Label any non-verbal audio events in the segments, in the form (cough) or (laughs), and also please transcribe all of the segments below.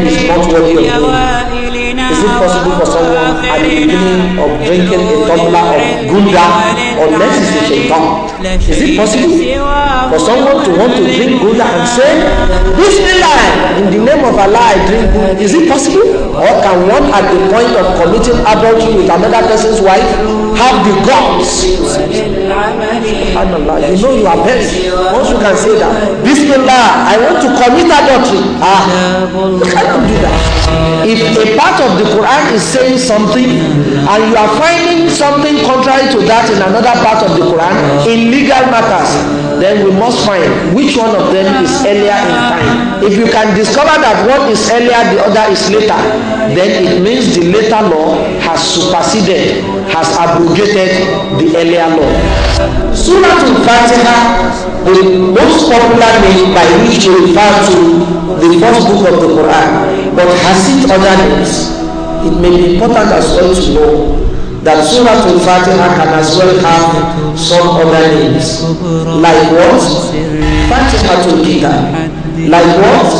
drinking is not worthy of doing. Is it possible for someone at the beginning of drinking a tumbler of gunda or less is a shaitan? Is it possible? for someone to want to drink Gula and say, this Bismillah, in the name of Allah, I drink Gula. Is it possible? Or can one at the point of committing adultery with another person's wife have the guts? Subhanallah, you know you are buried. Once you can say that, this Bismillah, I want to commit adultery. Ah, you cannot do that. If a part of the Quran is saying something and you are finding something contrary to that in another part of the Quran, in legal matters, then we must find which one of them is earlier in time. If you can discover that one is earlier, the other is later, then it means the later law has superseded, has abrogated the earlier law. Surah Al-Fatiha, the most popular name by which you refer to the first book of the Quran, but has it other names? It may be important as well to know that Surah Al-Fatiha can as well have some other names. Like what? Fatihatul Kitab. Like what?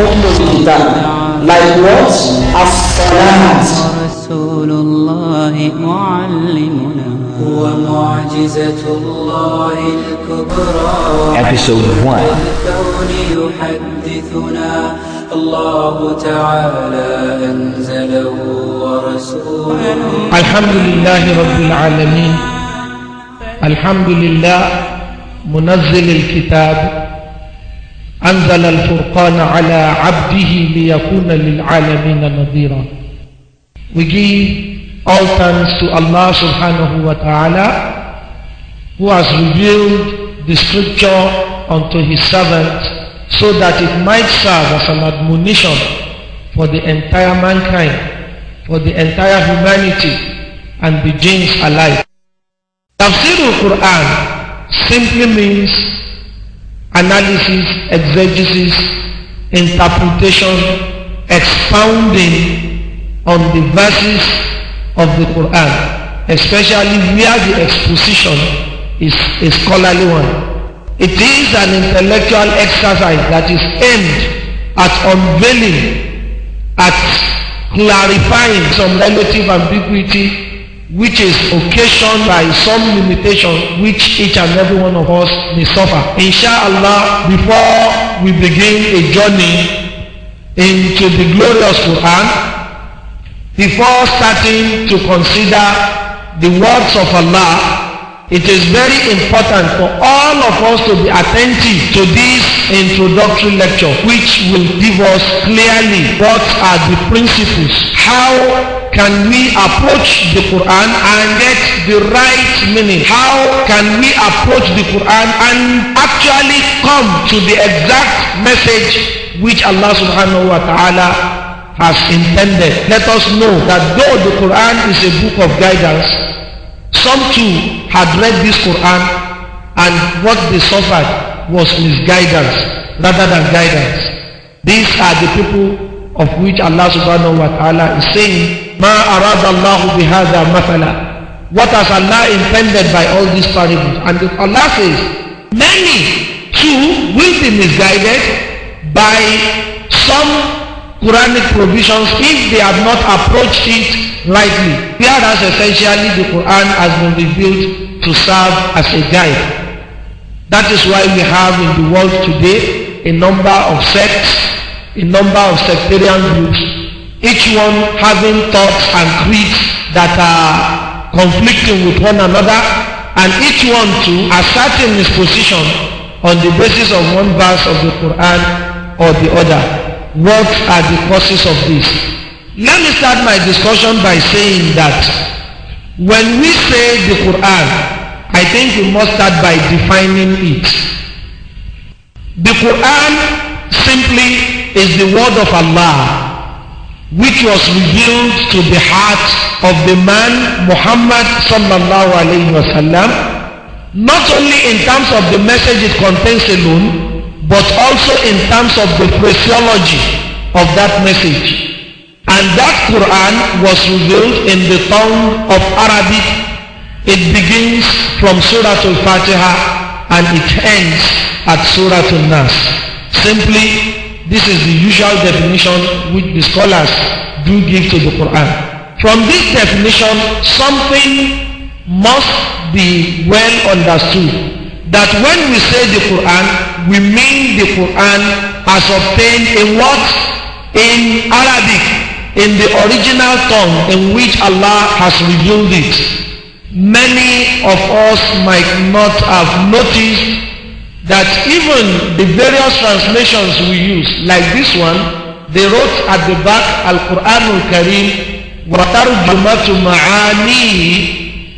Ummul Kitab. Like what? As-Salat. رسول الله معلمنا هو معجزة الله الكبرى Episode 1 يحدثنا الله تعالى أنزله ورسوله الحمد لله رب العالمين الحمد لله منزل الكتاب أنزل الفرقان على عبده ليكون للعالمين نظيرا وجي all thanks to Allah subhanahu wa ta'ala who has revealed the scripture unto his servant so that it might serve as an admonition for the entire mankind, for the entire humanity and the jinns alike. Tafsir al-Quran simply means analysis, exegesis, interpretation, expounding on the verses of the Quran, especially where the exposition is a scholarly one. It is an intellectual exercise that is aimed at unveiling, at clarifying some relative ambiguity which is occasioned by some limitation which each and every one of us may suffer. Inshallah, before we begin a journey into the glorious Quran, before starting to consider the words of Allah It is very important for all of us to be attentive to this introductory lecture which will give us clearly what are the principles, how can we approach the Quran and get the right meaning? How can we approach the Quran and actually come to the exact message which Allah subhanahu wa ta'ala has intended? Let us know that though the Quran is a book of guidance, some too had read this Quran and what they suffered was misguidance rather than guidance. These are the people of which Allah subhanahu wa ta'ala is saying, مَا أَرَادَ اللَّهُ بِهَذَا مَثَلًا What has Allah intended by all these parables? And Allah says, many too will be misguided by some Quranic provisions if they have not approached it lightly, whereas essentially the Quran has been revealed to serve as a guide. That is why we have in the world today a number of sects, a number of sectarian groups, each one having thoughts and creeds that are conflicting with one another, and each one too asserting his position on the basis of one verse of the Quran or the other. What are the causes of this? Let me start my discussion by saying that when we say the Quran, I think we must start by defining it. The Quran simply is the word of Allah which was revealed to the heart of the man Muhammad sallallahu alayhi wasallam not only in terms of the message it contains alone but also in terms of the phraseology of that message. And that Quran was revealed in the tongue of Arabic. It begins from Surah Al-Fatiha and it ends at Surah Al-Nas. Simply, this is the usual definition which the scholars do give to the Quran. From this definition, something must be well understood that when we say the Quran, we mean the Quran as obtained in what? In Arabic in the original tongue in which Allah has revealed it. Many of us might not have noticed that even the various translations we use, like this one, they wrote at the back Al-Quran Al-Karim, وَتَرْجُمَةُ Maani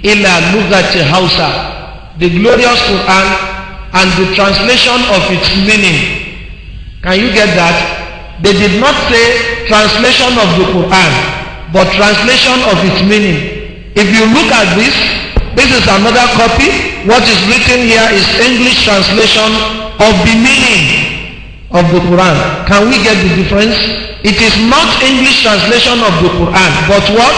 ila نُغَةِ Hausa," The glorious Quran and the translation of its meaning. Can you get that? They did not say translation of the Quran, but translation of its meaning. If you look at this, this is another copy. What is written here is English translation of the meaning of the Quran. Can we get the difference? It is not English translation of the Quran, but what?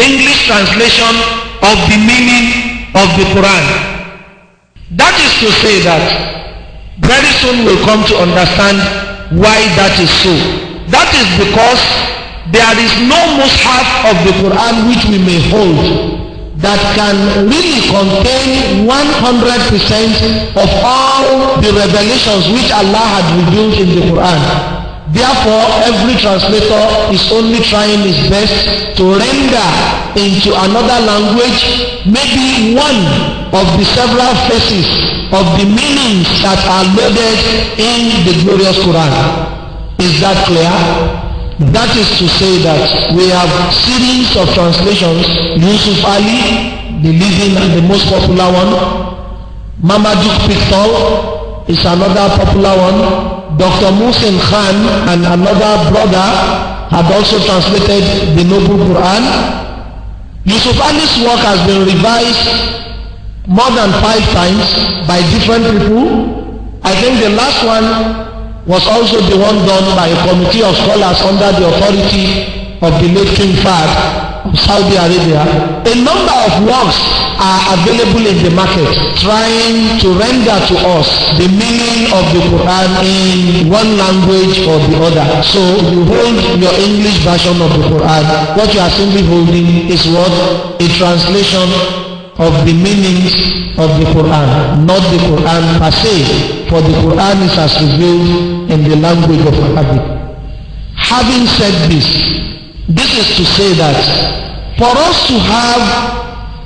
English translation of the meaning of the Quran. That is to say that very soon we'll come to understand why that is so. That is because there is no most half of the Quran which we may hold that can really contain 100% of all the revelations which Allah had revealed in the Quran. Therefore, every translator is only trying his best to render into another language maybe one of the several faces of the meanings that are loaded in the glorious Quran. Is that clear? That is to say that we have series of translations, Yusuf Ali, the leading and the most popular one, Mamadou Pictol is another popular one, Dr. Muhsin Khan and another brother had also translated the Noble Quran. Yusuf Ali's work has been revised more than five times by different people. I think the last one was also the one done by a committee of scholars under the authority of the late King Fahd Saudi Arabia, a number of works are available in the market trying to render to us the meaning of the Quran in one language or the other. So you hold your English version of the Quran. What you are simply holding is what? A translation of the meanings of the Quran, not the Quran per se, for the Quran is as revealed in the language of Arabic. Having said this, this is to say that for us to have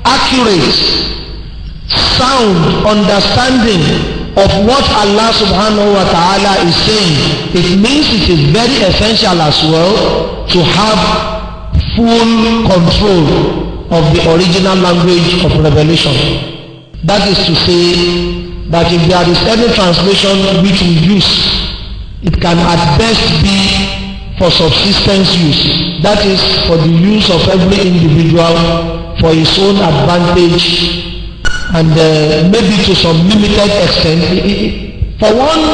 accurate sound understanding of what Allah subhanahu wa ta'ala is saying it means it is very essential as well to have full control of the original language of revelation that is to say that if there is any translation which we use it can at best be for subsistence use that is for the use of every individual for his own advantage and uh, maybe to some limited extent for one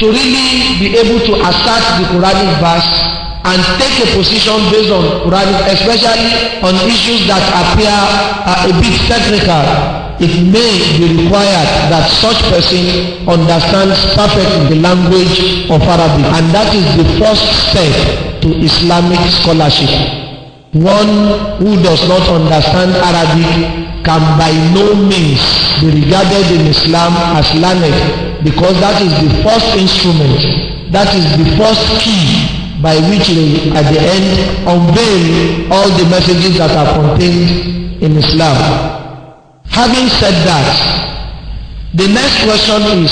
to really be able to assert the Quranic verse and take a position based on Quranic especially on issues that appear uh, a bit technical it may be required that such person understands perfect the language of Arabic and that is the first step to Islamic scholarship. One who does not understand Arabic can by no means be regarded in Islam as learned because that is the first instrument, that is the first key by which they at the end unveil all the messages that are contained in Islam. Having said that, the next question is,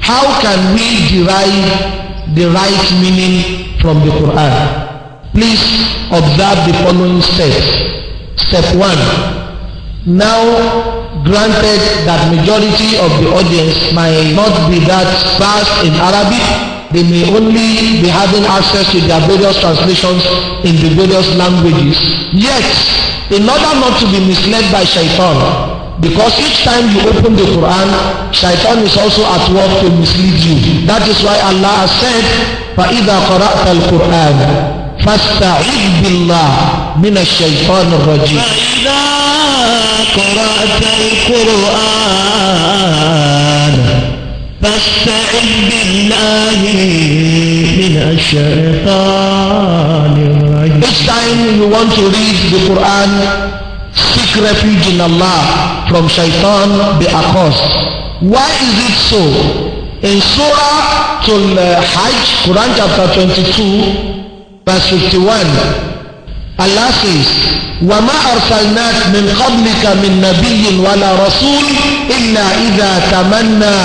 how can we derive the right meaning from the Quran? Please observe the following steps. Step one, now granted that majority of the audience might not be that fast in Arabic, they may only be having access to their various translations in the various languages. Yet, in order not to be misled by shaitan, Because each time you open the Quran, shaitan is also at work to mislead you. That is why Allah has said, فَإِذَا قَرَأْتَ الْقُرْآنَ فَاسْتَعِذْ بِاللَّهِ مِنَ الشَّيْطَانِ الرَّجِيمِ فَإِذَا قَرَأْتَ الْقُرْآنَ فَاسْتَعِذْ بِاللَّهِ مِنَ الشَّيْطَانِ الرَّجِيمِ Each time you want to read the Quran, seek refuge in Allah from shaitan be accursed. Why is it so? In Surah Al-Hajj, Quran chapter twenty-two, verse fifty-one. Allah says, وَمَا أَرْسَلْنَاكَ مِنْ قَبْلِكَ مِنْ نَبِيٍّ وَلَا رَسُولٍ إِلَّا إِذَا تَمَنَّى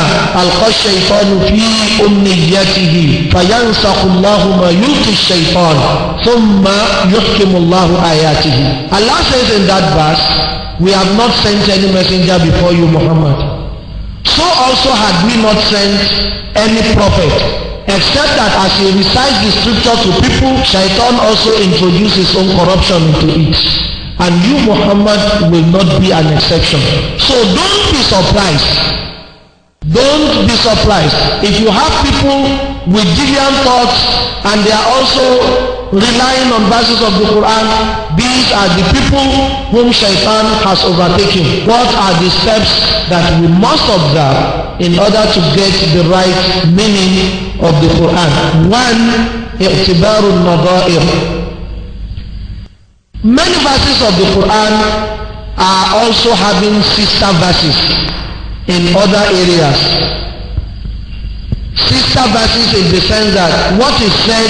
أَلْقَى الشَّيْطَانُ فِي أُمْنِيَّتِهِ فَيَنْسَخُ اللَّهُ مَا يُلْقِي الشَّيْطَانُ ثُمَّ يُحْكِمُ اللَّهُ آيَاتِهِ Allah says in that verse, We have not sent any messenger before you, Muhammad. So also had we not sent any prophet except that as he recites the scripture to people shaitan also introduces his own corruption into it and you Muhammad will not be an exception so don't be surprised don't be surprised if you have people with deviant thoughts and they are also relying on verses of the Quran. These are the people whom shaitan has overtaken. What are the steps that we must observe in order to get the right meaning of the Quran? One, اعتبار النظائر Many verses of the Quran are also having sister verses in other areas sister verses in the sense that what is said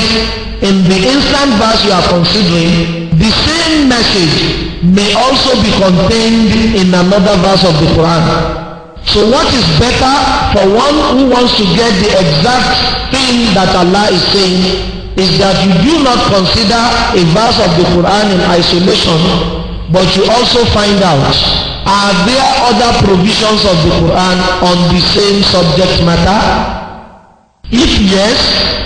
in the instant verse you are considering, the same message may also be contained in another verse of the Quran. So what is better for one who wants to get the exact thing that Allah is saying is that you do not consider a verse of the Quran in isolation, but you also find out are there other provisions of the Quran on the same subject matter? If yes,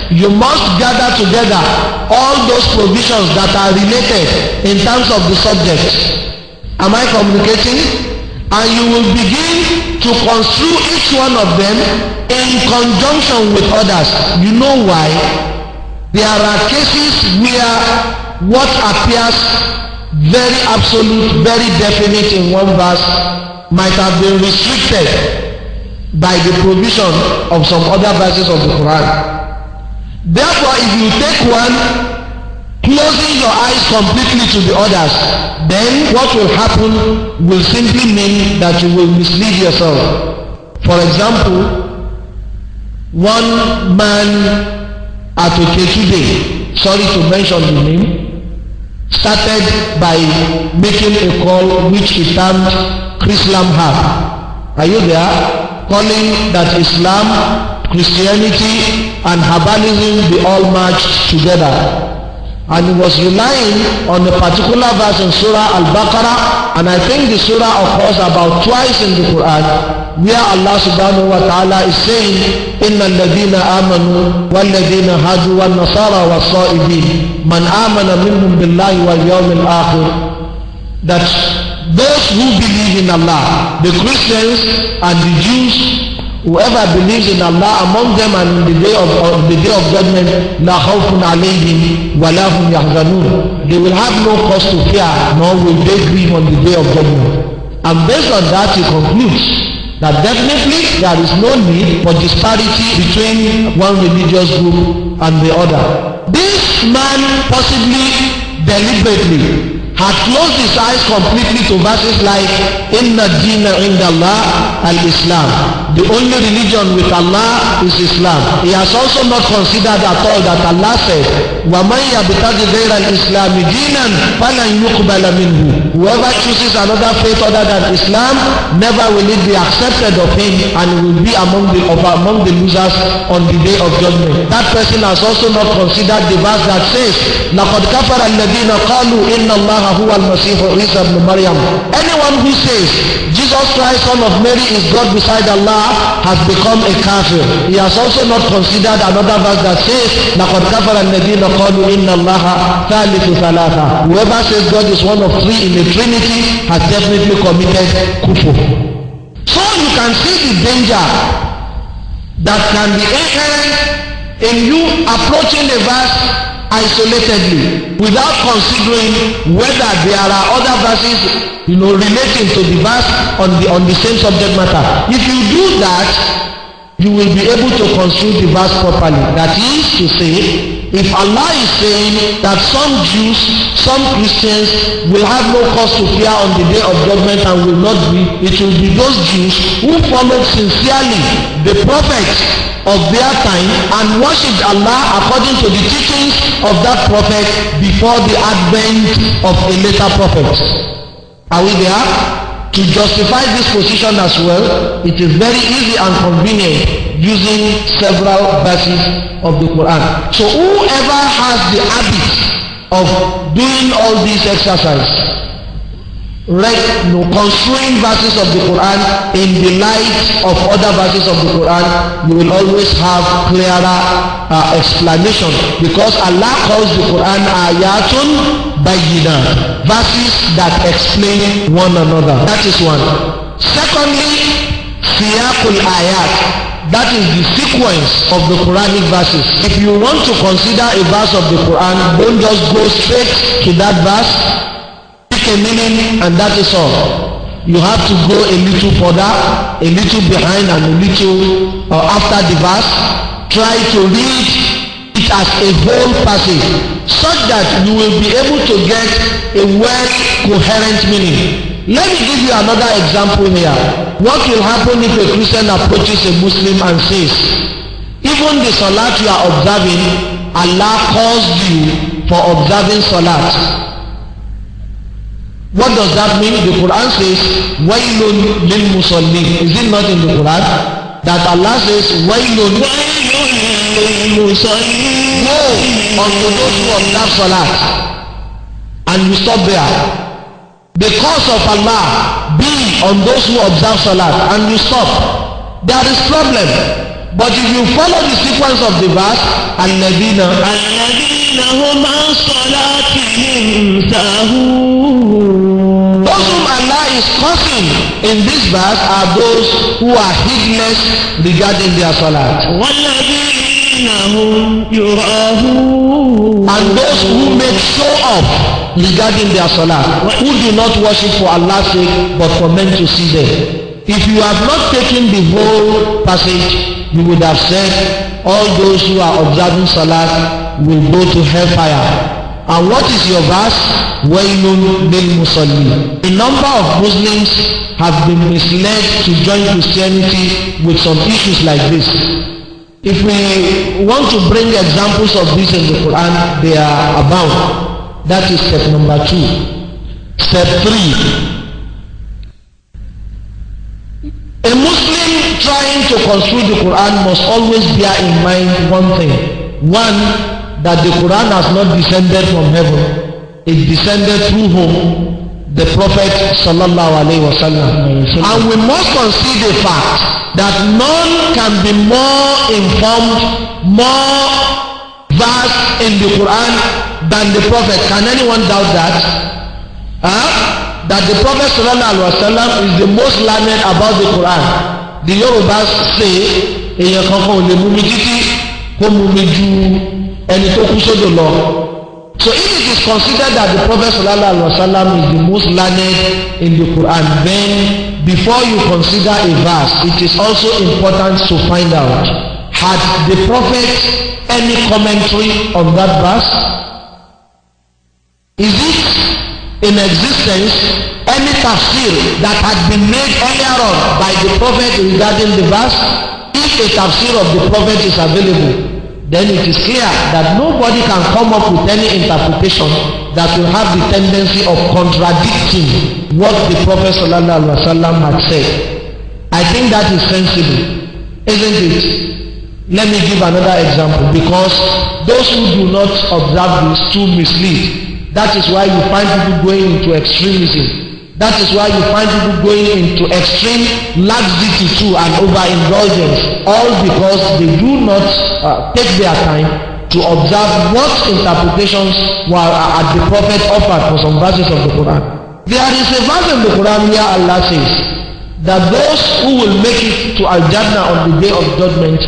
you must gather together all those provisions that are related in terms of the subject. Am I communicating? And you will begin to construe each one of them in conjunction with others. You know why? There are cases where what appears very absolute, very definite in one verse might have been restricted by the provision of some other verses of the Quran. Therefore, if you take one, closing your eyes completely to the others, then what will happen will simply mean that you will mislead yourself. For example, one man at Okechude, sorry to mention the name, started by making a call which he termed Chrislam Hub. Are you there? calling that Islam, Christianity, and herbalism be all merged together. And he was relying on a particular verse in Surah Al-Baqarah, and I think the surah occurs about twice in the Quran, where Allah subhanahu wa ta'ala is saying, إِنَّ الَّذِينَ آمَنُوا وَالَّذِينَ هَادُوا وَالنَّصَارَى وَالصَّائِبِينَ مَنْ آمَنَ مِنْهُمْ بِاللَّهِ وَالْيَوْمِ الْآخِرِ That those who believe in Allah, the Christians and the Jews, whoever believes in Allah among them and in the day of, of the day of judgment, la khawfun alayhim wa lahum yahzanun. They will have no cause to fear, nor will they grieve on the day of judgment. And based on that, he concludes that definitely there is no need for disparity between one religious group and the other. This man possibly deliberately had closed his eyes completely to verses like inna dina inda Allah al-Islam The only religion with Allah is Islam. He has also not considered at all that Allah said, وَمَنْ يَبْتَغِ غَيْرَ الْإِسْلَامِ دِينًا فَلَنْ يُقْبَلَ مِنْهُ Whoever chooses another faith other than Islam, never will it be accepted of him and will be among the, of, among the losers on the day of judgment. That person has also not considered the verse that says, لَقَدْ كَفَرَ الَّذِينَ قَالُوا إِنَّ اللَّهَ هُوَ الْمَسِيحُ عِيسَى بْنُ مَرْيَمَ Anyone who says, Jesus Christ, son of Mary, is God beside Allah, has become a kafir. He has also not considered another verse that says, لَقَدْ كَفَرَ الَّذِينَ قَالُوا إِنَّ اللَّهَ ثَالِثُ ثَلَاثَةً Whoever says God is one of three in the Trinity has definitely committed kufur. So you can see the danger that can be inherent in you approaching a verse isolatedly without considering whether there are other verses you know relating to the verse on the on the same subject matter if you do that you will be able to construe the verse properly that is to say If Allah is saying that some Jews, some Christians will have no cause to fear on the day of judgment and will not be, it will be those Jews who followed sincerely the Prophet of their time and worshipped Allah according to the teachings of that prophet before the advent of a later prophet. Are we there? To justify this position as well, it is very easy and convenient using several verses of the Quran. So whoever has the habit of doing all these exercises, Right, no, construing verses of the Quran in the light of other verses of the Quran, you will always have clearer uh, explanation because Allah calls the Quran ayatun bayina, verses that explain one another. That is one. Secondly, siyakul ayat. That is the sequence of the Quranic verses. If you want to consider a verse of the Quran, don't just go straight to that verse shift a meaning and that is all. You have to go a little further, a little behind and a little uh, after the verse. Try to read it as a whole passage such that you will be able to get a well coherent meaning. Let me give you another example here. What will happen if a Christian approaches a Muslim and says, even the salat you are observing, Allah calls you for observing salat. What does that mean? The Quran says, Wailun lil musallin. Is it not in the Quran? That Allah says, Wailun lil musallin. No, unto those who observe Salah, And you stop there. The curse of Allah be on those who observe Salah, And you stop. There is problem. But if you follow the sequence of the verse, Alẹ́bínà. Alẹ́bínà ó máa ń sọ Those whom Allah is cursing in this verse are those who are heedless regarding their salat. وَالَّذِينَ هُمْ يُرَاهُونَ And those who make show of regarding their salah who do not worship for Allah's sake but for men to see them. If you have not taken the whole passage you would have said all those who are observing salat will go to hellfire. And what is your verse? well-known, وَيْلٌ لِلْمُصَلِّينَ A number of Muslims have been misled to join Christianity with some issues like this. If we want to bring examples of this in the Quran, they are abound. That is step number two. Step three, A Muslim trying to construe the Quran must always bear in mind one thing. One, that the Quran has not descended from heaven. It descended through whom? The Prophet sallallahu alaihi wasallam. And we must consider the fact that none can be more informed, more versed in the Quran than the Prophet. Can anyone doubt that? Huh? that the Prophet sallallahu alaihi wasallam is the most learned about the Quran the Yorùbá say èèyàn kankan ò lè mú mi títí kó mú mi ju ẹni tó kú sódò lọ so if it is considered that the Prophet sallallahu alaihi wasallam is the most learned in the Quran then before you consider a verse it is also important to find out had the Prophet any commentary on that verse is it in existence any tafsir that had been made earlier on by the prophet regarding the verse if a tafsir of the prophet is available then it is clear that nobody can come up with any interpretation that will have the tendency of contradicting what the prophet sallallahu alaihi wasallam had said i think that is sensible isn't it let me give another example because those who do not observe this too mislead That is why you find people going into extremism. That is why you find people going into extreme laxity too and over indulgence, All because they do not uh, take their time to observe what interpretations were at the prophet offered for some verses of the Quran. There is a verse in the Quran where Allah says that those who will make it to Al-Jannah on the day of judgment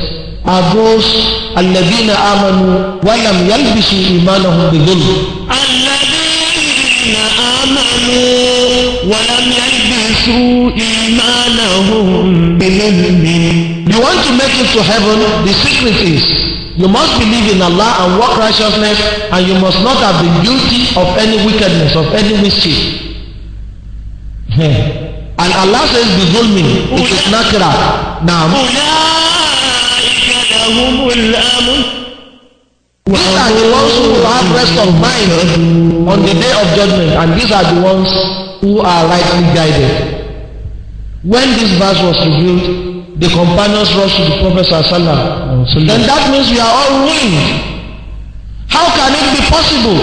àbúrò alẹ́bínà amanu wàlám yálbìsì ìmánahùn bìbélì. alẹ́bínà amanu wàlám yálbìsì ìmánahùn bìbélì. You want to make it to heaven? The secret is you must believe in Allah and work righteousness and you must not have been guilty of any wickedness, of any mischief. And Allah says, be It is nakra. Now. لهم الأمن These are the ones who will have rest of mind on the day of judgment and these are the ones who are rightly guided. When this verse was revealed, the companions rushed to the Prophet Sallallahu Then that means we are all ruined. How can it be possible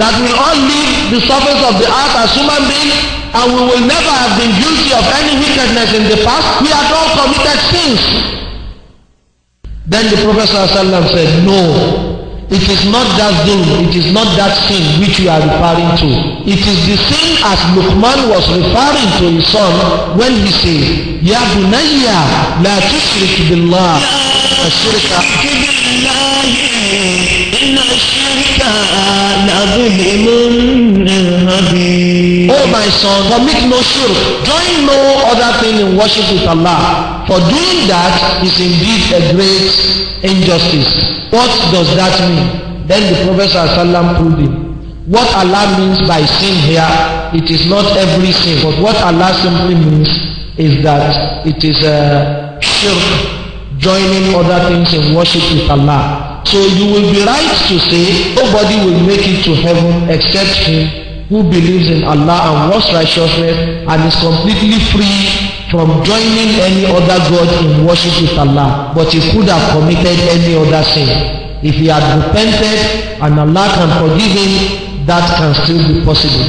that we all leave the surface of the earth as human beings and we will never have been guilty of any wickedness in the past. We have all committed sins. Then the Prophet ﷺ said, No, it is not that thing, it is not that thing which you are referring to. It is the same as Luqman was referring to his son when he said, Ya bunayya la tushrik billah. الشرك بالله إن الشرك لظلم عظيم Oh my son, but make no shirk. Join no other thing in worship with Allah for doing that is indeed a great injustice. What does that mean? Then the Prophet ﷺ told him, what Allah means by sin here, it is not every sin, but what Allah simply means is that it is a uh, shirk, joining other things in worship with Allah. So you will be right to say nobody will make it to heaven except him who believes in Allah and works righteousness and is completely free from joining any other god in worship with Allah, but he could have committed any other sin. If he had repented and Allah can forgive him, that can still be possible.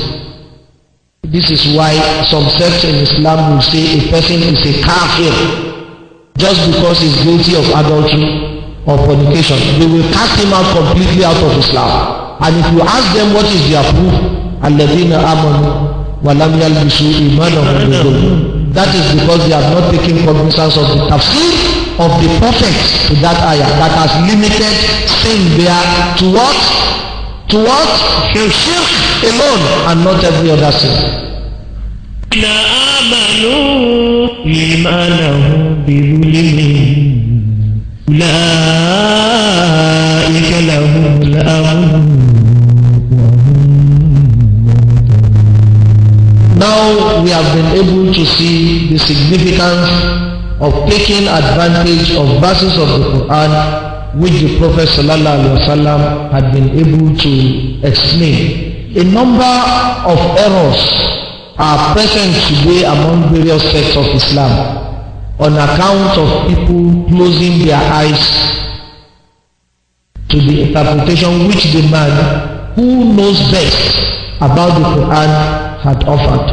This is why some sects in Islam will say a person is a kafir just because he's guilty of adultery or fornication. They will cast him out completely out of Islam. And if you ask them what is their proof, الذين آمنوا ولم يلبسوا إيمانهم بظلم That is because they have not taken cognizance of the tafsir of the prophet to that ayah that has limited sin there to what? To what? To shirk alone and not every other sin. آمنوا لهم الأمن Now we have been able to see the significance of taking advantage of verses of the Quran which the Prophet ﷺ had been able to explain. A number of errors are present today among various sects of Islam on account of people closing their eyes to the interpretation which the man who knows best about the Quran had offered.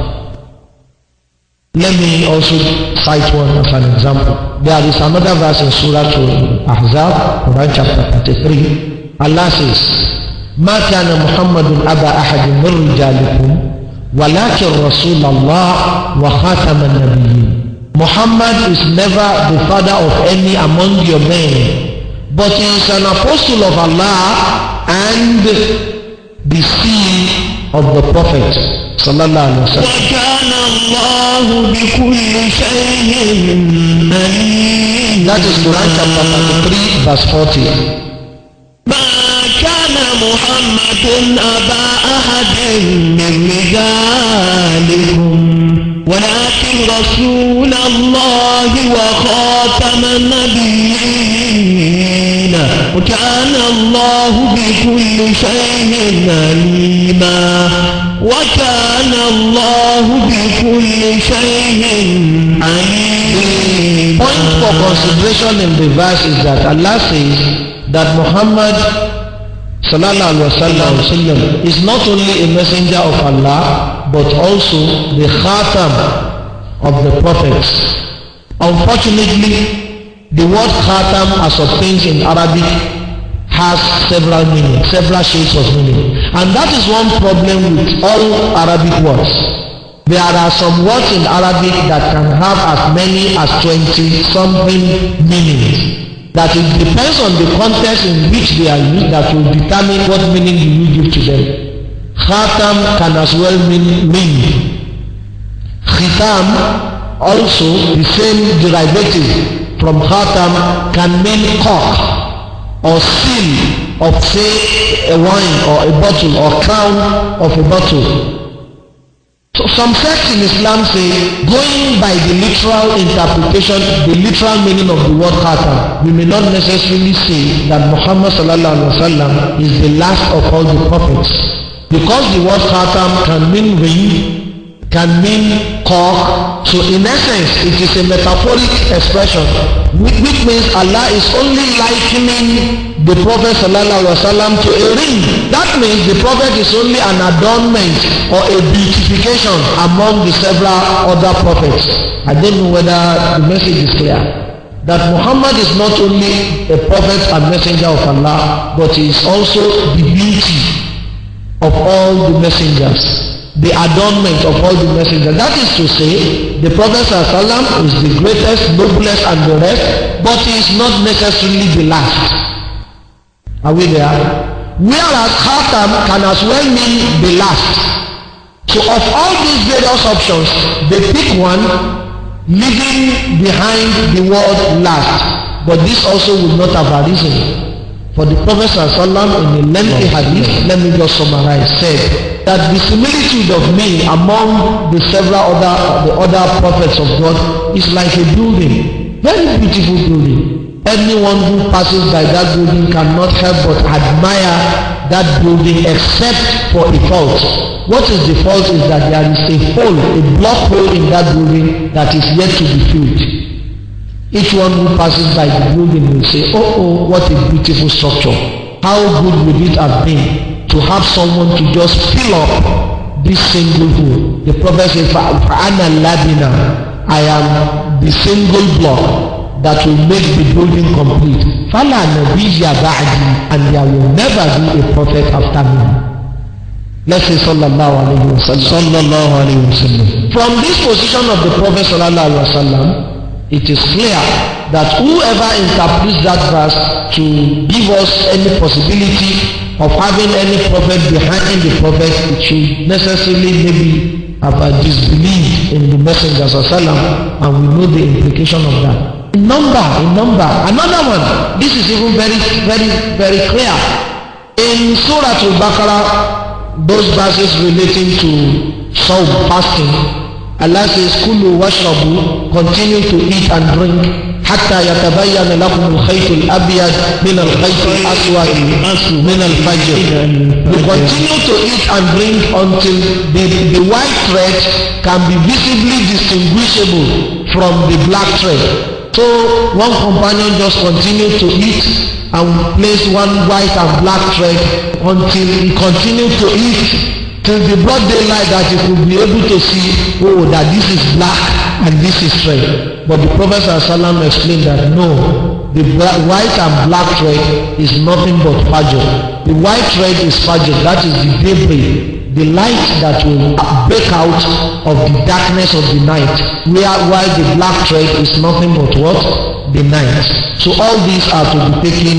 Let me also cite one as an example. There is another verse in Surah Al-Ahzab, Quran chapter 33. Allah says, ما كان محمد أبا أحد من رجالكم ولكن رسول الله وخاتم النبيين Muhammad is never the father of any among your men, but he is an apostle of Allah and the seal of the prophet. صلى الله عليه وسلم وكان الله بكل شيء مليما لا تسمع Quran chapter 33 ما كان محمد أبا أحد من رجالكم ولكن رسول الله وخاتم النبيين وكان الله بكل شيء عليما وكان الله بكل شيء عليم Point for consideration in the verse is that Allah says that Muhammad sallallahu alaihi wasallam is not only a messenger of Allah but also the khatam of the prophets. Unfortunately, the word khatam as obtained in Arabic has several meanings, several shades of meaning. And that is one problem with all Arabic words. There are some words in Arabic that can have as many as twenty something meanings. That it depends on the context in which they are used that will determine what meaning you give to them. Khatam can as well mean mean. Khitam also the same derivative from khatam can mean cock or seal of say a wine or a bottle or crown of a bottle. So some sects in Islam say going by the literal interpretation, the literal meaning of the word khatam, we may not necessarily say that Muhammad sallallahu alaihi wasallam is the last of all the prophets. Because the word khatam can mean ring, can mean cork, So in essence, it is a metaphoric expression, which means Allah is only likening the Prophet sallallahu alaihi wasallam to a ring. That means the Prophet is only an adornment or a beautification among the several other prophets. I don't know whether the message is clear. That Muhammad is not only a prophet and messenger of Allah, but he is also the beauty of all the messengers the adornment of all the messengers. That is to say, the Prophet ﷺ is the greatest, noblest, and the rest, but he is not necessarily the last. Are we there? Whereas Khatam can as well mean the last. So of all these various options, they pick one, leaving behind the word last. But this also would not have arisen But the Prophet in a lengthy hadith, let me just summarize, said that the similitude of me among the several other the other prophets of God is like a building, very beautiful building. Anyone who passes by that building cannot help but admire that building except for a fault. What is the fault is that there is a hole, a block hole in that building that is yet to be filled. Each one who passes by the building will say, oh, oh, what a beautiful structure. How good would it have been to have someone to just fill up this single hole? The prophet said, فَأَنَا لَدِنَا I am the single block that will make the building complete. فَلَا نَبِيَّ بَعْدِي And there will never be a prophet after me. Let's say sallallahu alayhi wa sallam. From this position of the Prophet sallallahu alayhi wa sallam, it is clear that whoever interprets that verse to give us any possibility of having any prophet behind the prophet it should necessarily maybe have a disbelief in the messenger sallam and we know the implication of that In number in number another one this is even very very very clear in surah al-baqarah those verses relating to soul fasting Allah says, Kulu washrabu, continue to eat and drink. حتى al لكم الخيط الأبيض من الخيط الأسود من الفجر. You continue to eat and drink until the, the white thread can be visibly distinguishable from the black thread. So one companion just continued to eat and placed one white and black thread until he continued to eat till the broad daylight that you could be able to see oh that this is black and this is red but the prophet sallam explained that no the white and black thread is nothing but fajr the white thread is fajr that is the daybreak the light that will break out of the darkness of the night where while the black thread is nothing but what the night so all these are to be taken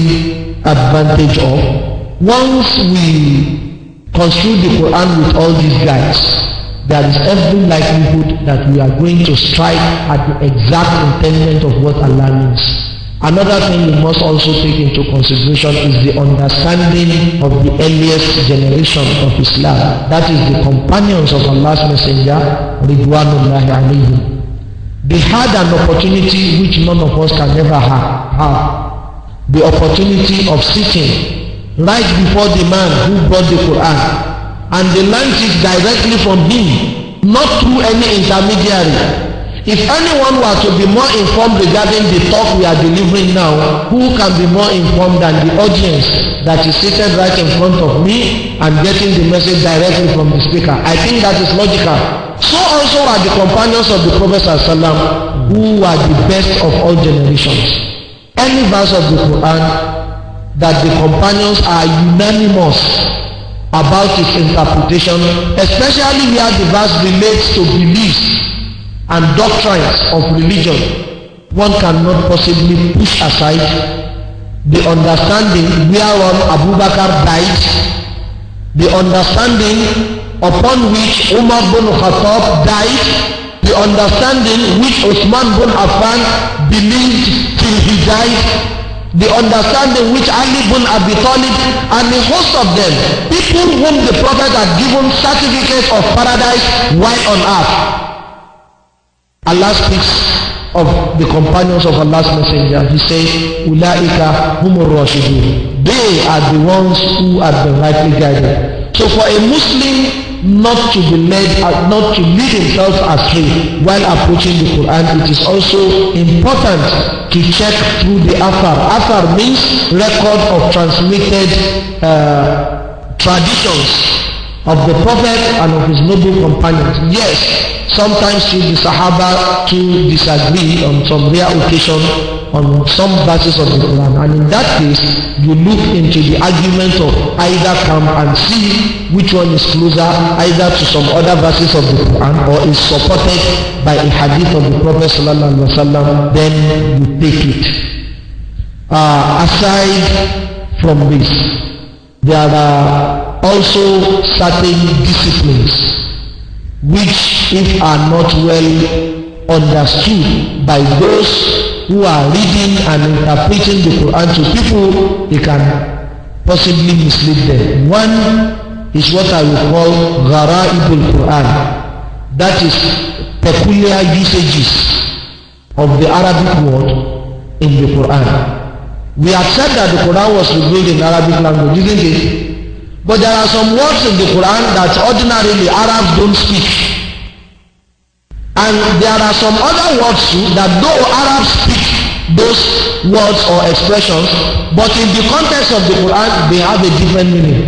advantage of once we construe the Quran with all these guys, there is every likelihood that we are going to strike at the exact intent of what Allah means. Another thing we must also take into consideration is the understanding of the earliest generation of Islam. That is the companions of Allah's Messenger, Ridwanullahi alayhim. They had an opportunity which none of us can ever have. The opportunity of sitting right before the man who brought the Quran and the land is directly from him not through any intermediary if anyone were to be more informed regarding the talk we are delivering now who can be more informed than the audience that is seated right in front of me and getting the message directly from the speaker I think that is logical so also are the companions of the prophet sallallahu alaihi sallam who were the best of all generations any verse of the Quran that the companions are unanimous about its interpretation, especially where the verse relates to beliefs and doctrines of religion. One cannot possibly push aside the understanding whereon Abu Bakr died, the understanding upon which Umar bin Khattab died, the understanding which Osman bin Affan believed till he died, the understanding which Ali ibn Abi Talib and a host of them, people whom the Prophet had given certificates of paradise while on earth. Allah speaks of the companions of Allah's messenger. He says, Ulaika They are the ones who have been rightly guided. So for a Muslim not to be led uh, not to lead himself astray while approaching the Quran it is also important to check through the afar afar means record of transmitted uh, traditions of the prophet and of his noble companions yes sometimes the Sahaba too disagree on some rare occasion on some verses of the Quran. And in that case, you look into the argument of either camp and see which one is closer either to some other verses of the Quran or is supported by a hadith of the Prophet sallallahu alaihi wasallam. Then you take it. Uh, aside from this, there are also certain disciplines which, if are not well understood by those who are reading and interpreting the Quran to people, they can possibly mislead them. One is what I will call Gharaibul Quran. That is peculiar usages of the Arabic word in the Quran. We have said that the Quran was revealed in Arabic language, isn't it? But there are some words in the Quran that ordinarily Arabs don't speak. And there are some other words too that though Arabs speak those words or expressions, but in the context of the Quran, they have a different meaning.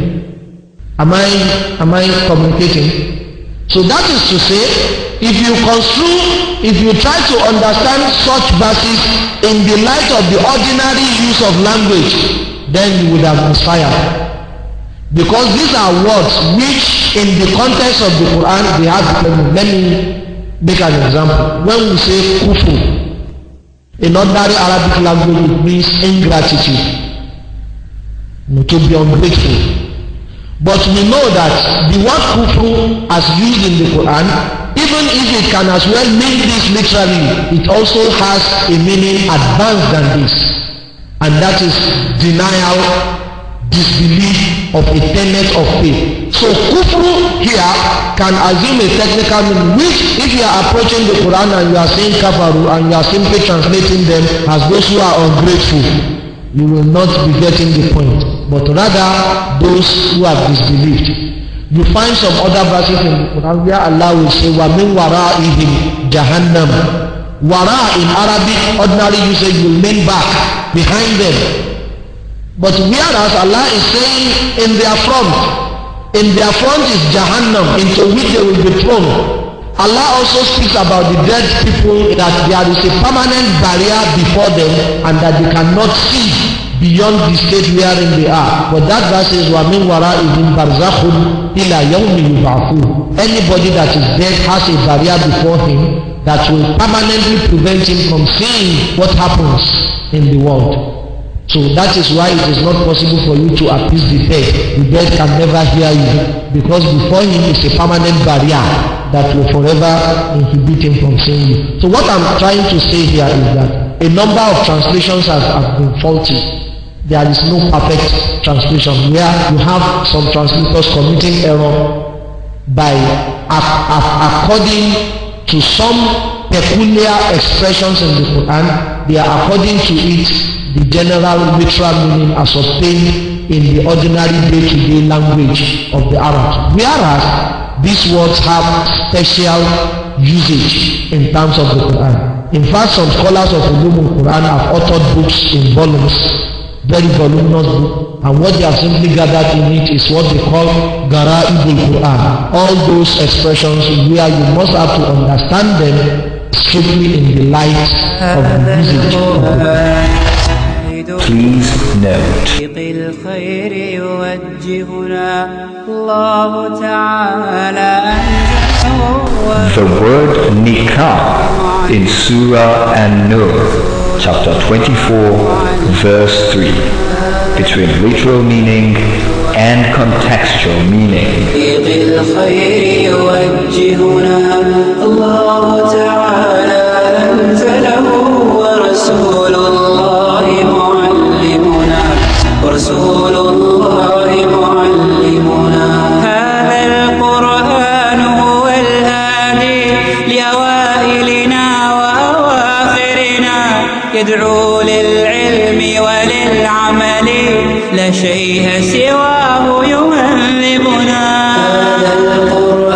Am I, am I communicating? So that is to say, if you construe, if you try to understand such verses in the light of the ordinary use of language, then you would have misfired. Because these are words which, in the context of the Quran, they have. Let me make an example. When we say kufu, In ordinary Arabic language, means ingratitude. To be ungrateful. But we know that the word kufru as used in the Quran, even if it can as well mean this literally, it also has a meaning advanced than this. And that is denial, disbelief of a tenet of faith. So kufru here can assume a technical meaning which if you are approaching the Quran and you are saying kafaru and you are simply translating them as those who are ungrateful, you will not be getting the point. But rather those who have disbelieved. You find some other verses in the Quran where Allah will say, وَمِنْ وَرَائِهِمْ jahannam. Wara in Arabic, ordinary say you mean back, behind them. But whereas Allah is saying in their front, In their front is Jahannam, into which they will be thrown. Allah also speaks about the dead people that there is a permanent barrier before them and that they cannot see beyond the state wherein they are. But that verse is وَمِنْ وَرَائِهِمْ بَرْزَخٌ إِلَى يَوْمِ يُبْعَثُونَ Anybody that is dead has a barrier before him that will permanently prevent him from seeing what happens in the world. So that is why it is not possible for you to appease the dead. The dead can never hear you because before him is a permanent barrier that will forever inhibit him from seeing you. So what I'm trying to say here is that a number of translations have, have been faulty. There is no perfect translation where you have some translators committing error by according to some peculiar expressions in the Quran, they are according to it the general literal meaning as obtained in the ordinary day-to-day language of the Arabs. Whereas these words have special usage in terms of the Quran. In fact, some scholars of Ulum Quran have authored books in volumes, very voluminous books, and what they have simply gathered in it is what they call Gara'ibul Quran. All those expressions where you must have to understand them strictly in the light of the usage of the Quran. Please note. The word nikah in Surah An-Nur, chapter 24, verse 3, between literal meaning and contextual meaning. أنزله ورسول الله محمد رسول الله معلمنا هذا القرآن هو الهادي لأوائلنا وأواخرنا يدعو للعلم وللعمل لا شيء سواه يهذبنا هذا القرآن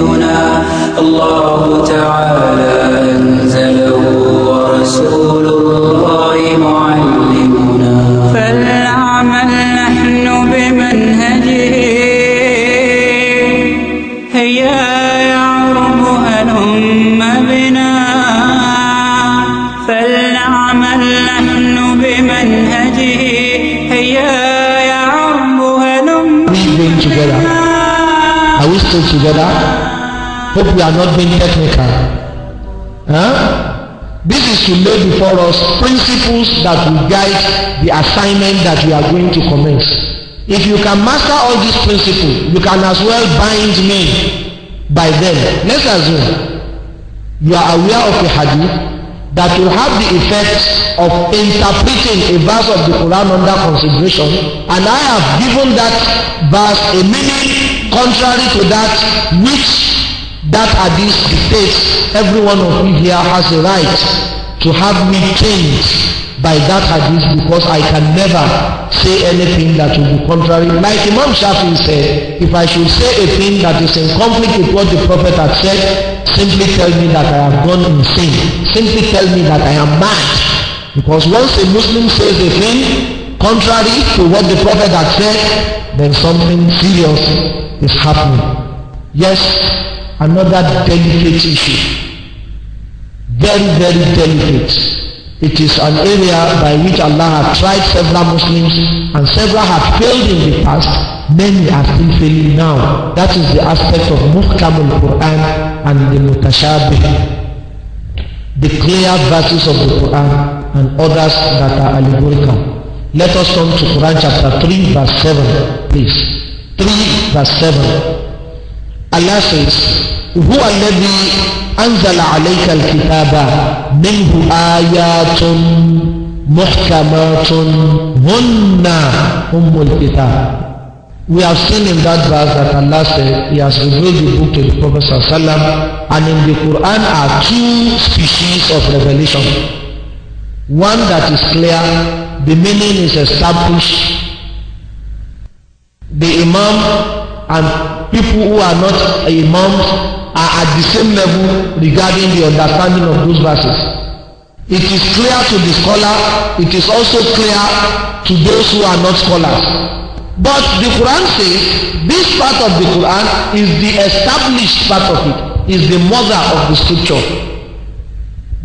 حديثنا الله تعالى أنزله ورسول الله معلمنا فلنعمل نحن بمنهجه هيا يا رب هلم بنا فلنعمل نحن بمنهجه هيا يا رب هلم بنا Are we still together? Hope we are not being technical. Huh? This is to lay before us principles that will guide the assignment that we are going to commence. If you can master all these principles, you can as well bind me by them. Let's assume you are aware of the hadith that will have the effect of interpreting a verse of the Quran under consideration, and I have given that verse a meaning contrary to that which That hadith dictates every one of you here has a right to have me changed by that hadith because I can never say anything that will be contrary. Like Imam Shafi said, if I should say a thing that is in conflict with what the Prophet had said, simply tell me that I have gone insane. Simply tell me that I am mad. Because once a Muslim says a thing contrary to what the Prophet had said, then something serious is happening. Yes, another delicate issue. Very, very delicate. It is an area by which Allah has tried several Muslims and several have failed in the past. Many are still failing now. That is the aspect of Muhkam quran and the Mutashabih. The clear verses of the Quran and others that are allegorical. Let us turn to Quran chapter three, verse seven, please. Three, verse seven. Allah says, Who alladhi anzala alayka al-kitaba minhu ayatun muhkamatun hunna ummul kitab. We have seen in that verse that Allah said He has revealed the book to the Prophet sallam, and in the Quran are two species of revelation. One that is clear, the meaning is established. The Imam and people who are not imams are at the same level regarding the understanding of those verses. It is clear to the scholar, it is also clear to those who are not scholars. But the Quran says this part of the Quran is the established part of it, is the mother of the scripture.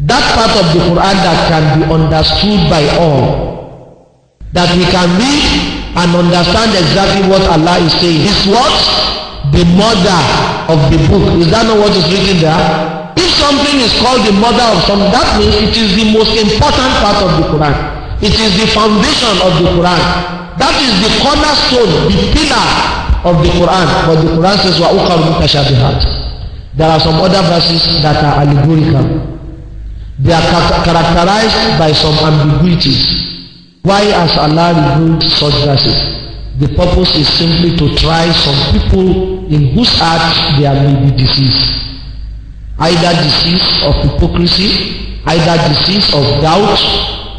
That part of the Quran that can be understood by all. That we can read and understand exactly what Allah is saying. It's what? The mother of the book. Is that not what is written there? If something is called the mother of some, that means it is the most important part of the Quran. It is the foundation of the Quran. That is the cornerstone, the pillar of the Quran. But the Quran says, Wa mutashabihat. There are some other verses that are allegorical. They are characterized by some ambiguities. Why has Allah removed such verses? The purpose is simply to try some people in whose hearts there may be disease. Either disease of hypocrisy, either disease of doubt,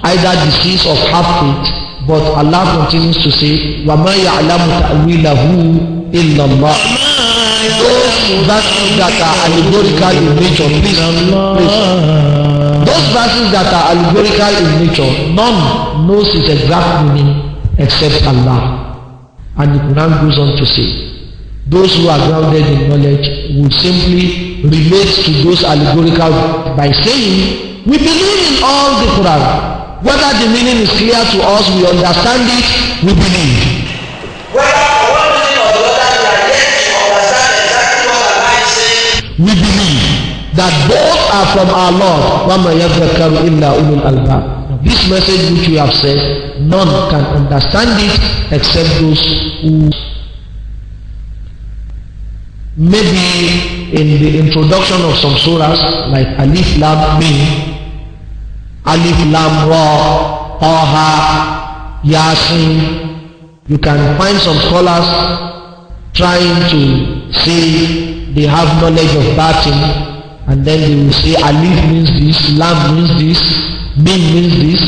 either disease of half-faith. But Allah continues to say, وَمَا يَعْلَمُ تَأْوِيلَهُ إِلَّا اللَّهُ Those that, that are uh, allegorical in nature, please, please. Those verses that are allegorical in nature, none knows its exact meaning except Allah. And the Quran goes on to say, those who are grounded in knowledge would simply relate to those allegorical by saying, we believe in all the Quran. Whether the meaning is clear to us, we understand it, we believe. that both are from our Lord. This message which we have said, none can understand it except those who. Maybe in the introduction of some surahs like Alif Lam Mim, Alif Lam Ra, Taha, Yasin, you can find some scholars trying to say they have knowledge of Batin and then they will say "Ali means this lam means this bin means this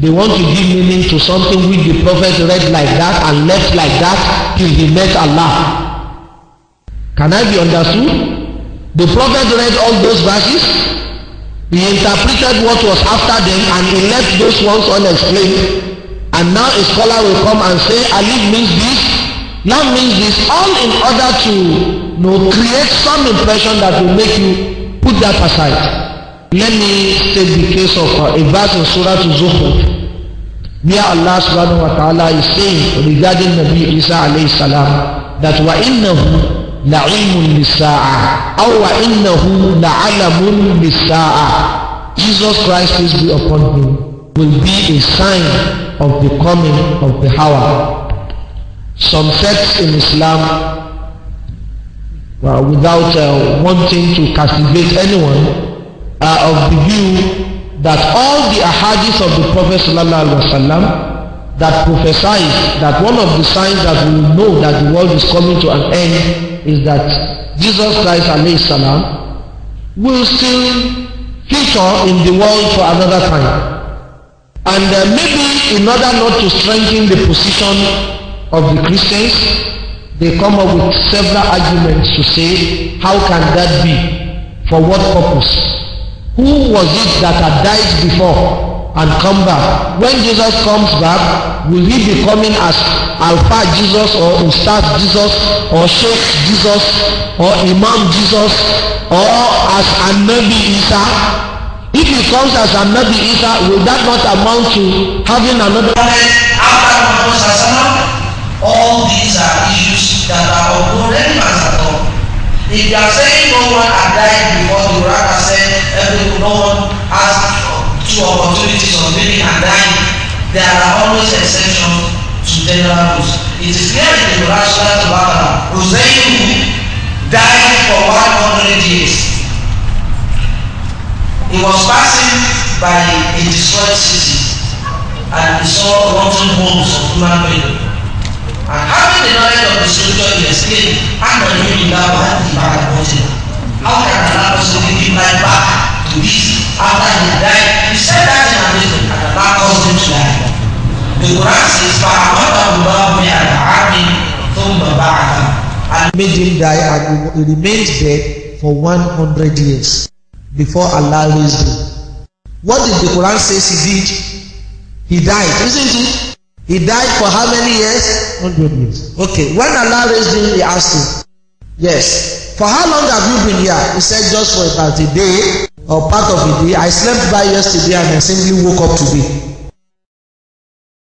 they want to give meaning to something which the prophet read like that and left like that till he met allah can i be understood the prophet read all those verses he interpreted what was after them and he left those ones unexplained and now a scholar will come and say "Ali means this lam means this all in order to you know create some impression that will make you Put that aside. Let me state the case of uh, a verse in Surah Zukhruf where Allah subhanahu wa ta'ala is saying regarding Nabi Isa alayhi salam that wa innahu la'imun lisa'ah aw wa innahu la'alamun lisa'ah Jesus Christ peace be upon him will be a sign of the coming of the hour some sects in Islam well, without uh, wanting to castigate anyone, are uh, of the view that all the ahadith of the Prophet wasallam that prophesies that one of the signs that we know that the world is coming to an end is that Jesus Christ salam, will still feature in the world for another time. And uh, maybe in order not to strengthen the position of the Christians, they come up with several arguments to say, how can that be? For what purpose? Who was it that had died before and come back? When Jesus comes back, will he be coming as Alpha Jesus or Ustad Jesus or Sheikh Jesus or Imam Jesus or as Anabi Isa? If he comes as Anabi Isa, will that not amount to having another? After All these are issues that are of no at all. If you are saying no one had died before the Quran said every no one has two opportunities of living and dying, there are always exceptions to general rules. It is clear in the Quran Surah Al-Baqarah, Hussein died for 100 years. He was passing by a destroyed city and he saw rotten homes of human beings. Having the knowledge of the solution you explain and not knowing that one is back at bottom. How can another person give life back to this after he died? You said that in an wisdom and Allah calls him to life. The Quran says, "For فَأَمَرَهُ اللَّهُ مِنْ عَامٍ ثُمَّ back And made him die and he remained dead for one hundred years before Allah raised him. What did the Quran say he did? He died, isn't it? He died for how many years? 100 years. Okay. When Allah raised him, he asked him, Yes. For how long have you been here? He said, Just for about a day or part of a day. I slept by yesterday and I simply woke up today.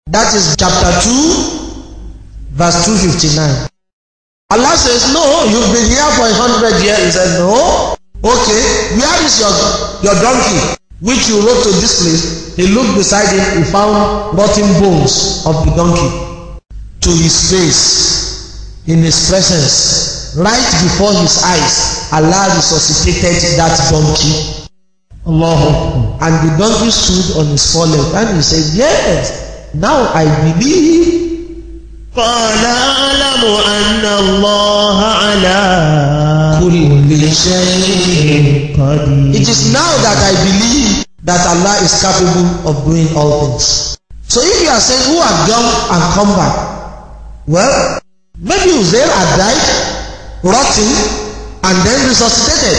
That is chapter 2, verse 259. Allah says, No, you've been here for a hundred years. He said, No. Okay. Where is your, your donkey? which he rode to this place, he looked beside him and found rotten bones of the donkey to his face, in his presence, right before his eyes. Allah resuscitated that donkey. Allah. And the donkey stood on his foreleg and he said, Yes, now I believe قال أعلم أن الله على كل شيء قدير It is now that I believe that Allah is capable of doing all things. So if you are saying who have gone and come back, well, maybe Uzair had died, rotting, and then resuscitated,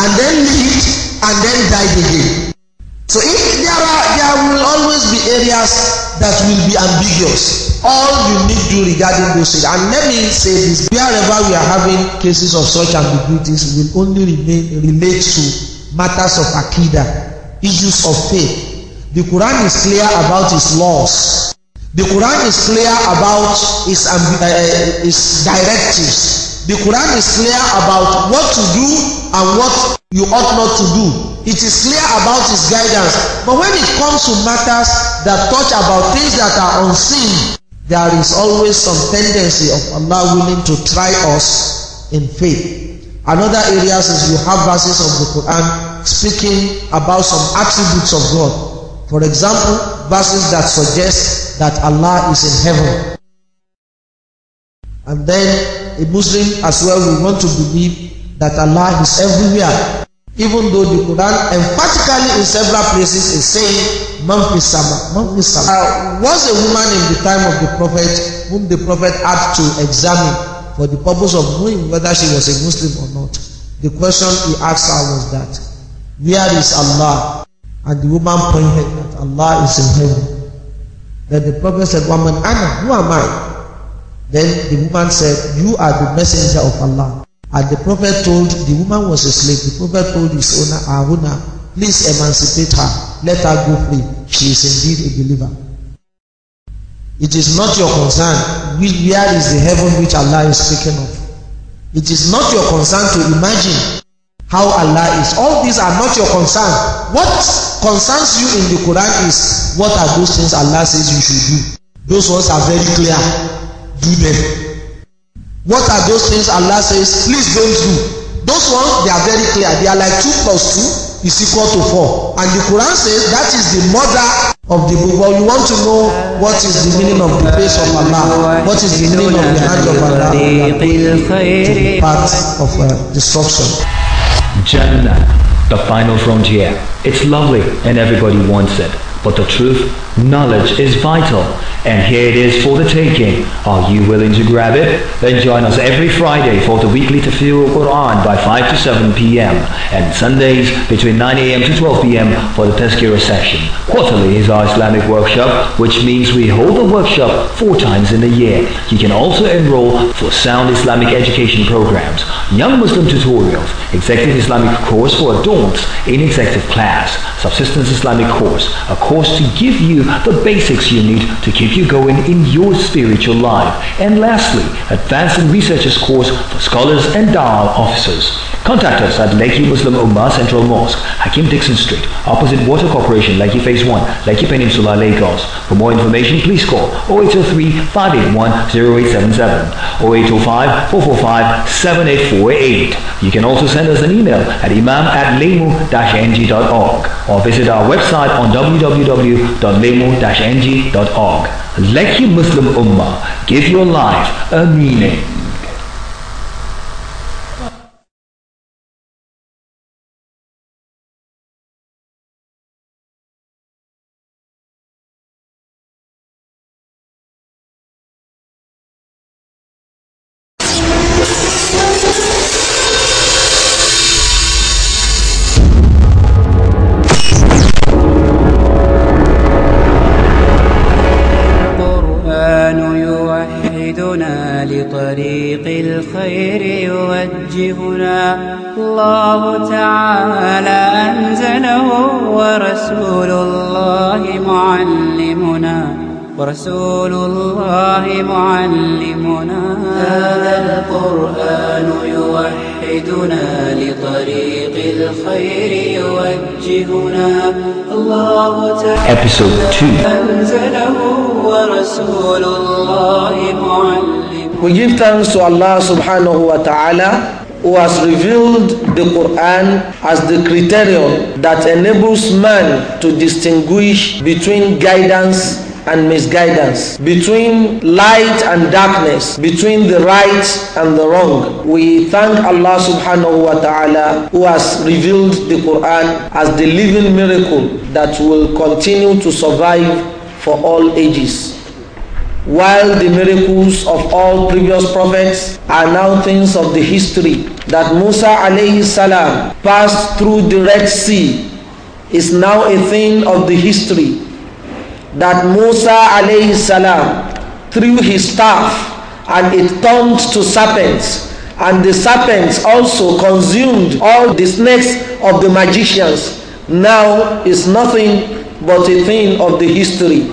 and then lived, and then died again. So if there are, there will always be areas that will be ambiguous. all you need do regarding those things. And let me say this wherever we are having cases of such ambiguities, it will only remain, relate to matters of akida, issues of faith. The Quran is clear about its laws. The Quran is clear about its, uh, its directives. The Quran is clear about what to do and what you ought not to do. It is clear about its guidance. But when it comes to matters that touch about things that are unseen, there is always some tendency of Allah willing to try us in faith. Another areas is you have verses of the Quran speaking about some attributes of God. For example, verses that suggest that Allah is in heaven. And then a Muslim as well will want to believe that Allah is everywhere. Even though the Quran emphatically in several places is saying Memphisama. was uh, a woman in the time of the prophet whom the prophet had to examine for the purpose of knowing whether she was a Muslim or not. The question he asked her was that, Where is Allah? And the woman pointed that Allah is in heaven. Then the prophet said, Woman, Anna, who am I? Then the woman said, You are the messenger of Allah. And the prophet told, the woman was a slave. The prophet told his owner, Aruna, Please emancipate her. Let her go free. She is indeed a believer. It is not your concern where is the heaven which Allah is speaking of. It is not your concern to imagine how Allah is. All these are not your concern. What concerns you in the Quran is what are those things Allah says you should do. Those ones are very clear. Do them. What are those things Allah says please don't do? Those ones they are very clear. They are like two plus two is equal to 4. And the Quran says that is the mother of the book. But you want to know what is the meaning of the face of Allah, what is the meaning of the heart of Allah, the path of uh, destruction. Jannah, the final frontier. It's lovely and everybody wants it. But the truth, knowledge is vital, and here it is for the taking. Are you willing to grab it? Then join us every Friday for the weekly Tafsir Quran by 5 to 7 p.m. and Sundays between 9 a.m. to 12 p.m. for the Tazkirah session. Quarterly is our Islamic workshop, which means we hold a workshop four times in a year. You can also enroll for sound Islamic education programs, young Muslim tutorials, executive Islamic course for adults in executive class, subsistence Islamic course, a course course, to give you the basics you need to keep you going in your spiritual life. And lastly, Advancing Researchers course for scholars and Dawah officers. Contact us at Lakey Muslim Ummah Central Mosque, Hakim Dixon Street, opposite Water Corporation, Lakey Phase 1, Lakey Peninsula, Lagos. For more information, please call 0803-581-0877, 0805-445-7848. You can also send us an email at imam at ngorg or visit our website on www www.lemo-ng.org. Let your Muslim Ummah give your life a meaning. thanks to Allah subhanahu wa ta'ala who has revealed the Quran as the criterion that enables man to distinguish between guidance and misguidance, between light and darkness, between the right and the wrong. We thank Allah subhanahu wa ta'ala who has revealed the Quran as the living miracle that will continue to survive for all ages. while the miracles of all previous prophets are now things of the history that Musa alayhi salam passed through the Red Sea is now a thing of the history that Musa alayhi salam threw his staff and it turned to serpents and the serpents also consumed all the snakes of the magicians now is nothing but a thing of the history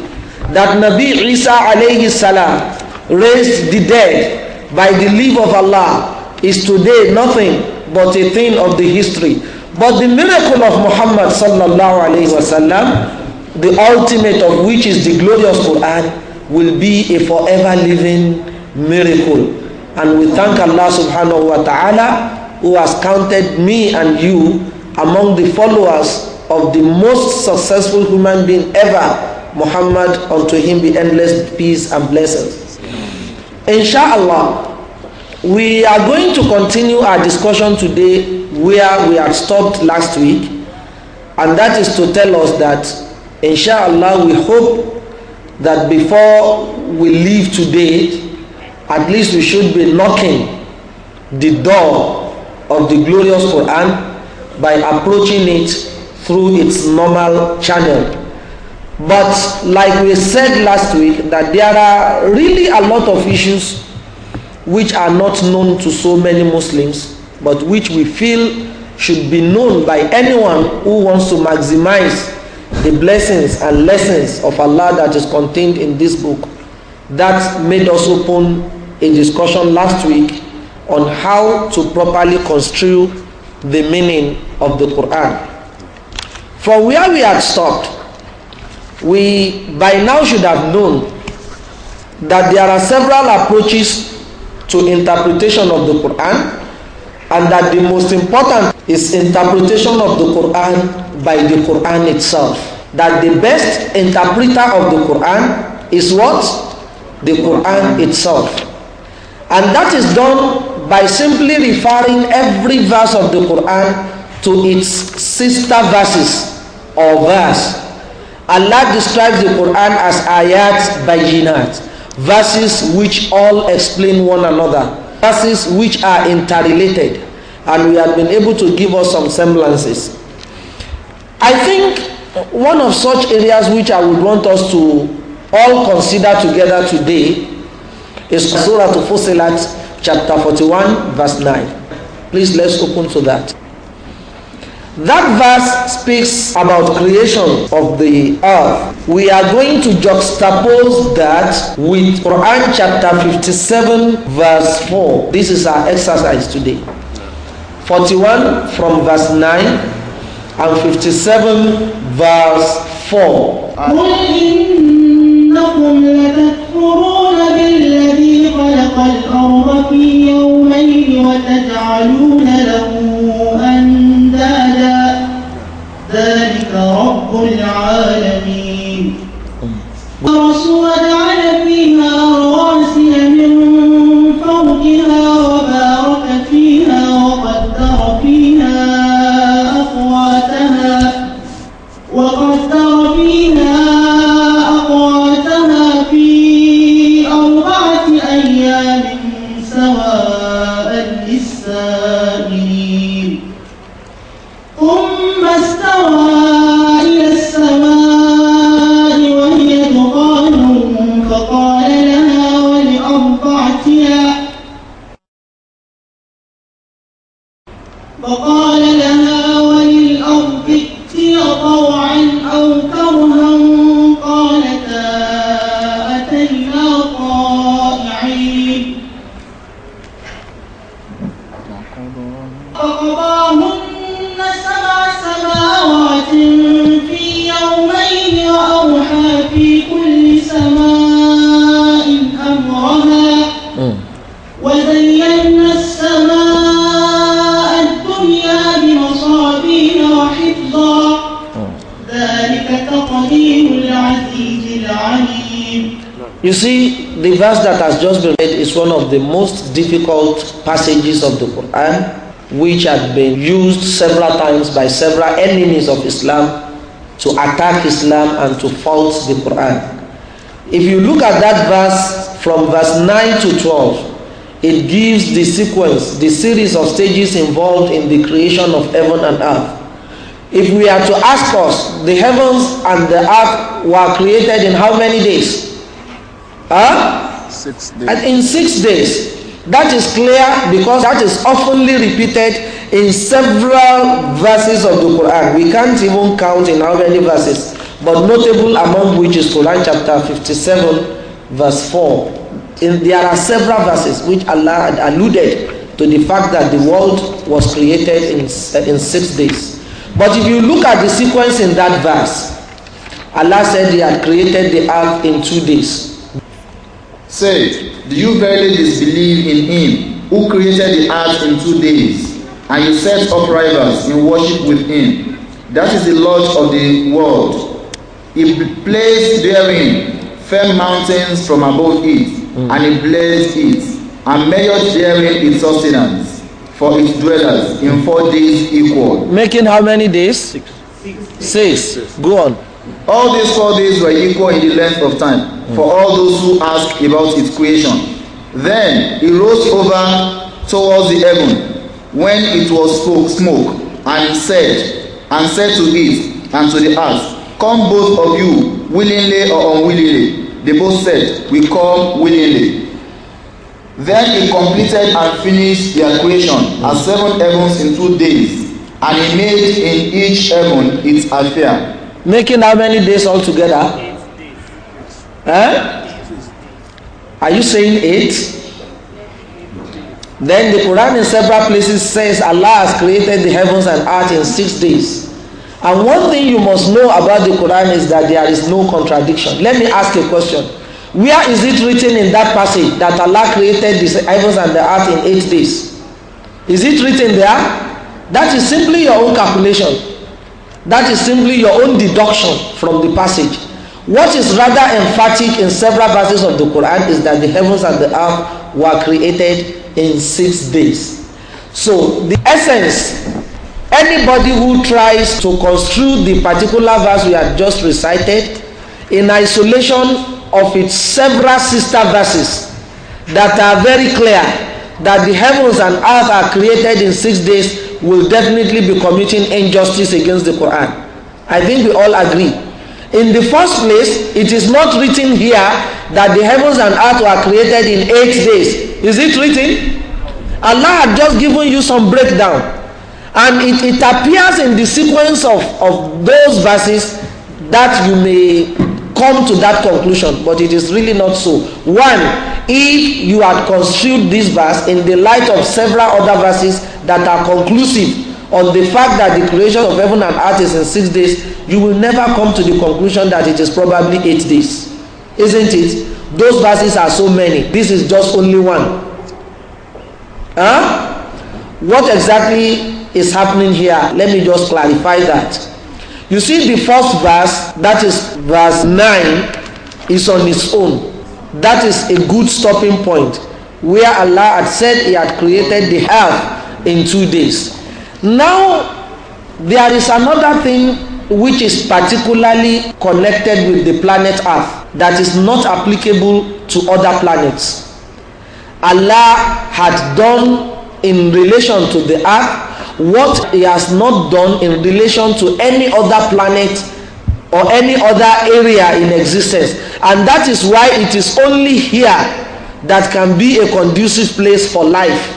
that Nabi Isa alayhi salam raised the dead by the leave of Allah is today nothing but a thing of the history. But the miracle of Muhammad sallallahu alayhi wasallam, the ultimate of which is the glorious Quran, will be a forever living miracle. And we thank Allah subhanahu wa ta'ala who has counted me and you among the followers of the most successful human being ever Muhammad, unto him be endless peace and blessings. Inshallah, we are going to continue our discussion today where we had stopped last week, and that is to tell us that, inshallah, we hope that before we leave today, at least we should be knocking the door of the glorious Quran by approaching it through its normal channel But like we said last week, that there are really a lot of issues which are not known to so many Muslims, but which we feel should be known by anyone who wants to maximize the blessings and lessons of Allah that is contained in this book. That made us open a discussion last week on how to properly construe the meaning of the Quran. From where we had stopped, we by now should have known that there are several approaches to interpretation of the Quran and that the most important is interpretation of the Quran by the Quran itself. That the best interpreter of the Quran is what? The Quran itself. And that is done by simply referring every verse of the Quran to its sister verses or verse Allah describes the Quran as ayat bayinat, verses which all explain one another, verses which are interrelated, and we have been able to give us some semblances. I think one of such areas which I would want us to all consider together today is Surah Fusilat chapter 41 verse 9. Please let's open to that. That verse speaks about creation of the earth. We are going to juxtapose that with Quran chapter 57 verse 4. This is our exercise today. 41 from verse 9 and 57 verse 4. one of the most difficult passages of the Quran which had been used several times by several enemies of Islam to attack Islam and to fault the Quran. If you look at that verse from verse 9 to 12, it gives the sequence, the series of stages involved in the creation of heaven and earth. If we are to ask us, the heavens and the earth were created in how many days? Huh? six days. And in six days. That is clear because that is oftenly repeated in several verses of the Quran. We can't even count in how many verses, but notable among which is Quran chapter 57, verse 4. In, there are several verses which Allah had alluded to the fact that the world was created in, in six days. But if you look at the sequence in that verse, Allah said He had created the earth in two days. said, Do you verily disbelieve in him who created the earth in two days, and you set up rivals in worship with him? That is the Lord of the world. He placed therein firm mountains from above it, mm. and he blessed it, and measured therein its sustenance for its dwellers in four days equal. Making how many days? Six. Six. Six. Go on. All these four days were equal in the length of time for hmm. all those who ask about its creation. Then he rose over towards the heaven when it was spoke, smoke, and said, and said to it and to the earth, Come both of you, willingly or unwillingly. They both said, We come willingly. Then he completed and finished their creation as hmm. seven heavens in two days, and he made in each heaven its affair Making how many days altogether? Are you saying eight? Then the Quran in several places says Allah has created the heavens and earth in six days. And one thing you must know about the Quran is that there is no contradiction. Let me ask a question. Where is it written in that passage that Allah created the heavens and the earth in eight days? Is it written there? That is simply your own calculation. That is simply your own deduction from the passage. What is rather emphatic in several verses of the Quran is that the heavens and the earth were created in six days. So, the essence anybody who tries to construe the particular verse we have just recited in isolation of its several sister verses that are very clear that the heavens and earth are created in six days will definitely be committing injustice against the Quran. I think we all agree. In the first place, it is not written here that the heavens and earth were created in eight days. Is it written? Allah had just given you some breakdown. And it, it appears in the sequence of, of those verses that you may come to that conclusion, but it is really not so. One, if you had construed this verse in the light of several other verses that are conclusive on the fact that the creation of heaven and earth is in six days, you will never come to the conclusion that it is probably eight days. Isn't it? Those verses are so many. This is just only one. Huh? What exactly is happening here? Let me just clarify that You see, the first verse, that is verse 9, is on its own. That is a good stopping point where Allah had said He had created the earth in two days. Now, there is another thing which is particularly connected with the planet Earth that is not applicable to other planets. Allah had done in relation to the earth what he has not done in relation to any other planet or any other area in existence and that is why it is only here that can be a conducive place for life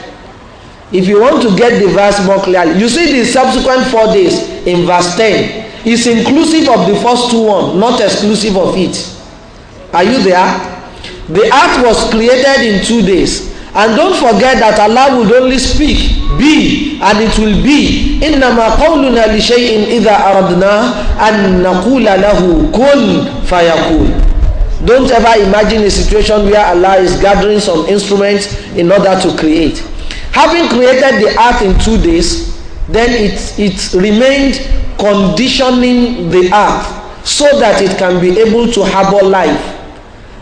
if you want to get the verse more clearly you see the subsequent four days in verse ten is inclusive of the first two one not exclusive of it are you there the earth was created in two days And don't forget that Allah would only speak, be, and it will be. انما in قَوْلُنَا aradna and أَرَدْنَاهُ أَن نَقُولَ لَهُ كُنْ فَيَكُونَ Don't ever imagine a situation where Allah is gathering some instruments in order to create. Having created the earth in two days, then it, it remained conditioning the earth so that it can be able to harbor life.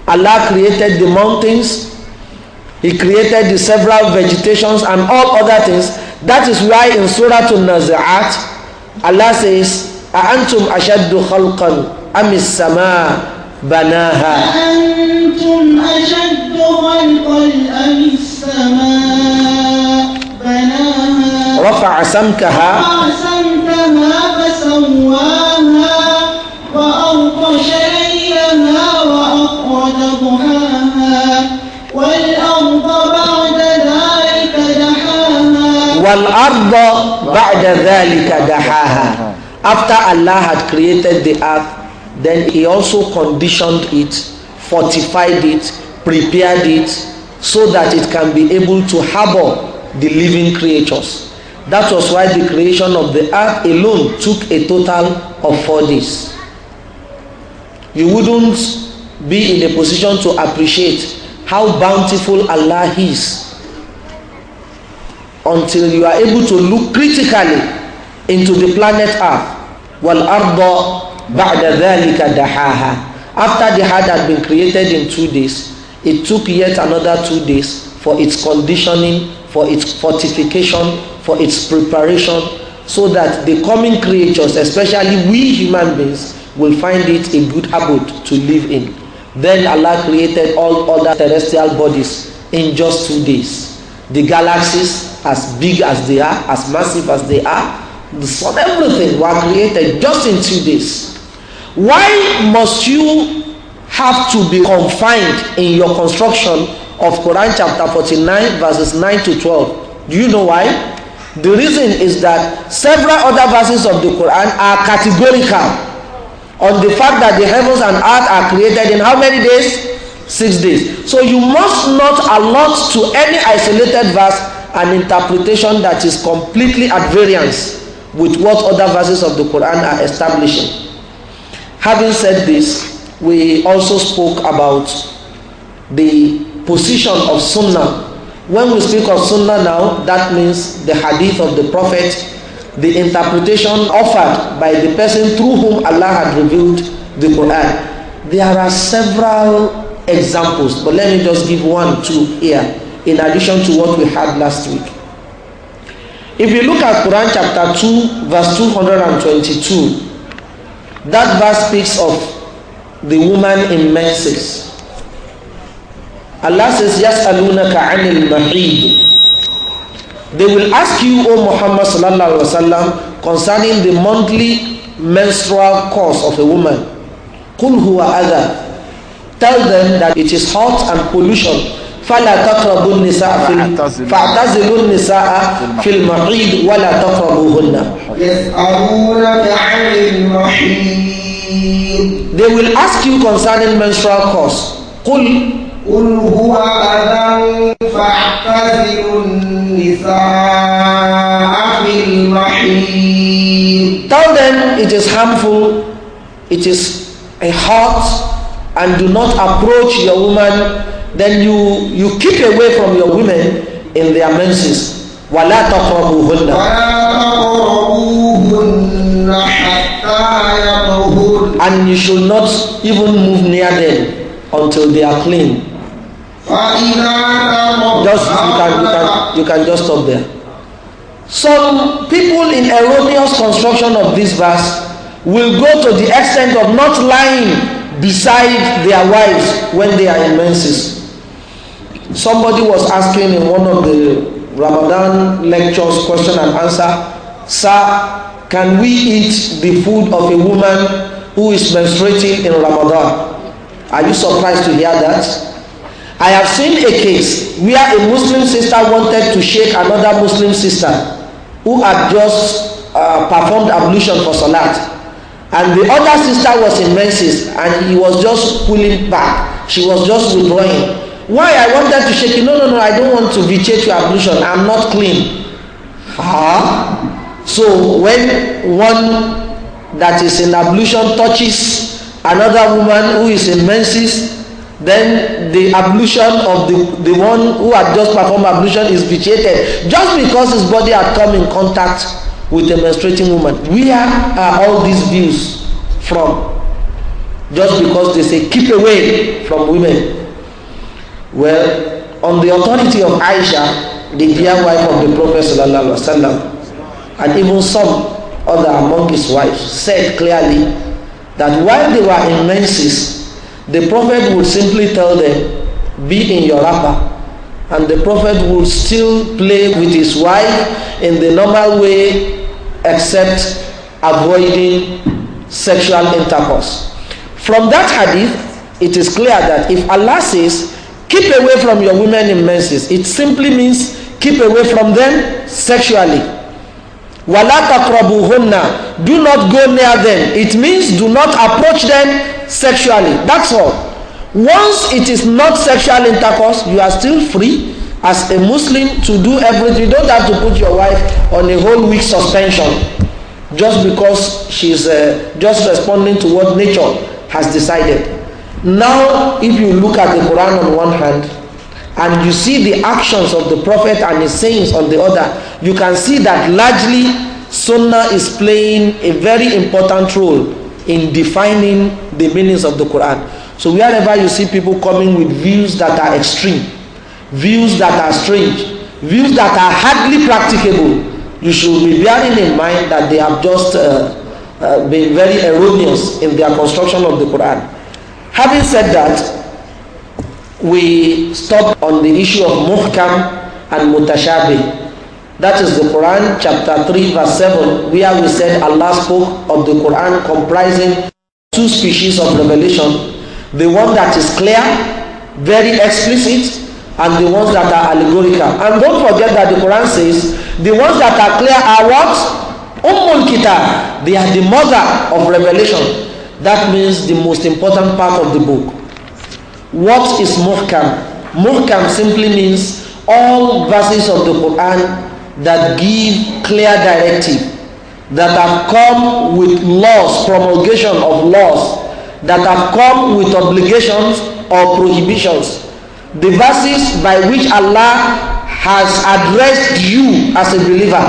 Allah created the mountains, He created the several vegetations and all other things. That is why in Surah An-Nazi'at, Allah says, أَأَنْتُمْ أَشَدُّ خَلْقًا أَمِ السَّمَاء بَنَاهَا أَأَنْتُمْ أَشَدُّ خَلْقًا أَمِ السَّمَاء بَنَاهَا رَفَعَ سَمْكَهَا رَفَعَ سَمْكَهَا فَسَوَّاهَا وَأَغْطَشَ لَيْلَهَا وَأَخْرَجَ ضُحَاهَا وَالْأَرْضَ wal arda ba'da dhalika after Allah had created the earth then he also conditioned it fortified it prepared it so that it can be able to harbor the living creatures that was why the creation of the earth alone took a total of four days you wouldn't be in a position to appreciate how bountiful Allah is until you are able to look critically into the planet Earth. وَالْأَرْضَ بَعْدَ ذَلِكَ دَحَاهَا After the heart had been created in two days, it took yet another two days for its conditioning, for its fortification, for its preparation, so that the coming creatures, especially we human beings, will find it a good abode to live in. Then Allah created all other terrestrial bodies in just two days. the galaxies as big as they are, as massive as they are, the sun, everything were created just in two days. Why must you have to be confined in your construction of Quran chapter 49, verses 9 to 12? Do you know why? The reason is that several other verses of the Quran are categorical on the fact that the heavens and earth are created in how many days? six days. So you must not allot to any isolated verse an interpretation that is completely at variance with what other verses of the Quran are establishing. Having said this, we also spoke about the position of Sunnah. When we speak of Sunnah now, that means the hadith of the Prophet, the interpretation offered by the person through whom Allah had revealed the Quran. There are several examples, but let me just give one, two here, in addition to what we had last week. If you look at Quran chapter 2, verse 222, that verse speaks of the woman in menses. Allah says, يَسْأَلُونَكَ anil الْمَحِيدِ They will ask you, O Muhammad sallallahu alaihi wasallam, concerning the monthly menstrual course of a woman. قُلْ هُوَ أَذَى Tell them that it is hot and pollution. فلا تقربوا النساء في فاعتزلوا النساء في المحيض ولا تقربوهن يسألونك عن المحيض They will ask you concerning menstrual cause قل قل هو أذى فاعتزلوا النساء في المحيض Tell them it is harmful, it is a hot and do not approach your woman then you you keep away from your women in their menses ولا تقربوهن and you should not even move near them until they are clean just you can you can you can just stop there some people in erroneous construction of this verse will go to the extent of not lying beside their wives when they are in menses. Somebody was asking in one of the Ramadan lectures question and answer, Sir, can we eat the food of a woman who is menstruating in Ramadan? Are you surprised to hear that? I have seen a case where a Muslim sister wanted to shake another Muslim sister who had just uh, performed ablution for Salat And the other sister was in menses and he was just pulling back. She was just withdrawing. Why I wanted to shake you? No, no, no, I don't want to vitiate your ablution. I'm not clean. Ah. So when one that is in ablution touches another woman who is in menses, then the ablution of the, the one who had just performed ablution is vitiated just because his body had come in contact with demonstrating woman where are all these views from just because they say keep away from women well on the authority of aisha the dear wife of the prophet sallallahu alaihi wasallam and even some other among his wives said clearly that while they were in menses the prophet would simply tell them be in your wrapper and the prophet would still play with his wife in the normal way except avoiding sexual intercourse. From that hadith, it is clear that if Allah says, keep away from your women in menses, it simply means keep away from them sexually. Wala taqrabuhunna, do not go near them. It means do not approach them sexually. That's all. Once it is not sexual intercourse, you are still free as a Muslim to do everything. You don't have to put your wife on a whole week suspension just because she's uh, just responding to what nature has decided. Now, if you look at the Quran on one hand and you see the actions of the Prophet and his sayings on the other, you can see that largely Sunnah is playing a very important role in defining the meanings of the Quran. So, wherever you see people coming with views that are extreme, views that are strange, views that are hardly practicable, you should be bearing in mind that they have just uh, uh, been very erroneous in their construction of the Quran. Having said that, we stop on the issue of muhkam and mutashabih. That is the Quran chapter 3 verse 7 where we said Allah spoke of the Quran comprising two species of revelation. The one that is clear, very explicit, and the ones that are allegorical. And don't forget that the Quran says the ones that are clear are what? Ummul kita, They are the mother of revelation. That means the most important part of the book. What is muhkam? Muhkam simply means all verses of the Quran that give clear directive, that have come with laws, promulgation of laws, that have come with obligations or prohibitions the verses by which Allah has addressed you as a believer,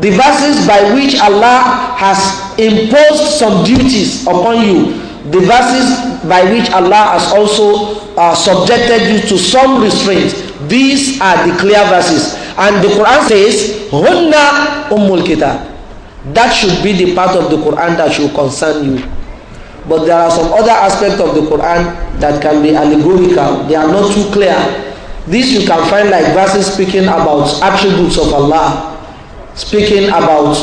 the verses by which Allah has imposed some duties upon you, the verses by which Allah has also uh, subjected you to some restraints. These are the clear verses. And the Quran says, Hunna Ummul Kitab. That should be the part of the Quran that should concern you. But there are some other aspects of the Quran that can be allegorical. They are not too clear. This you can find like verses speaking about attributes of Allah, speaking about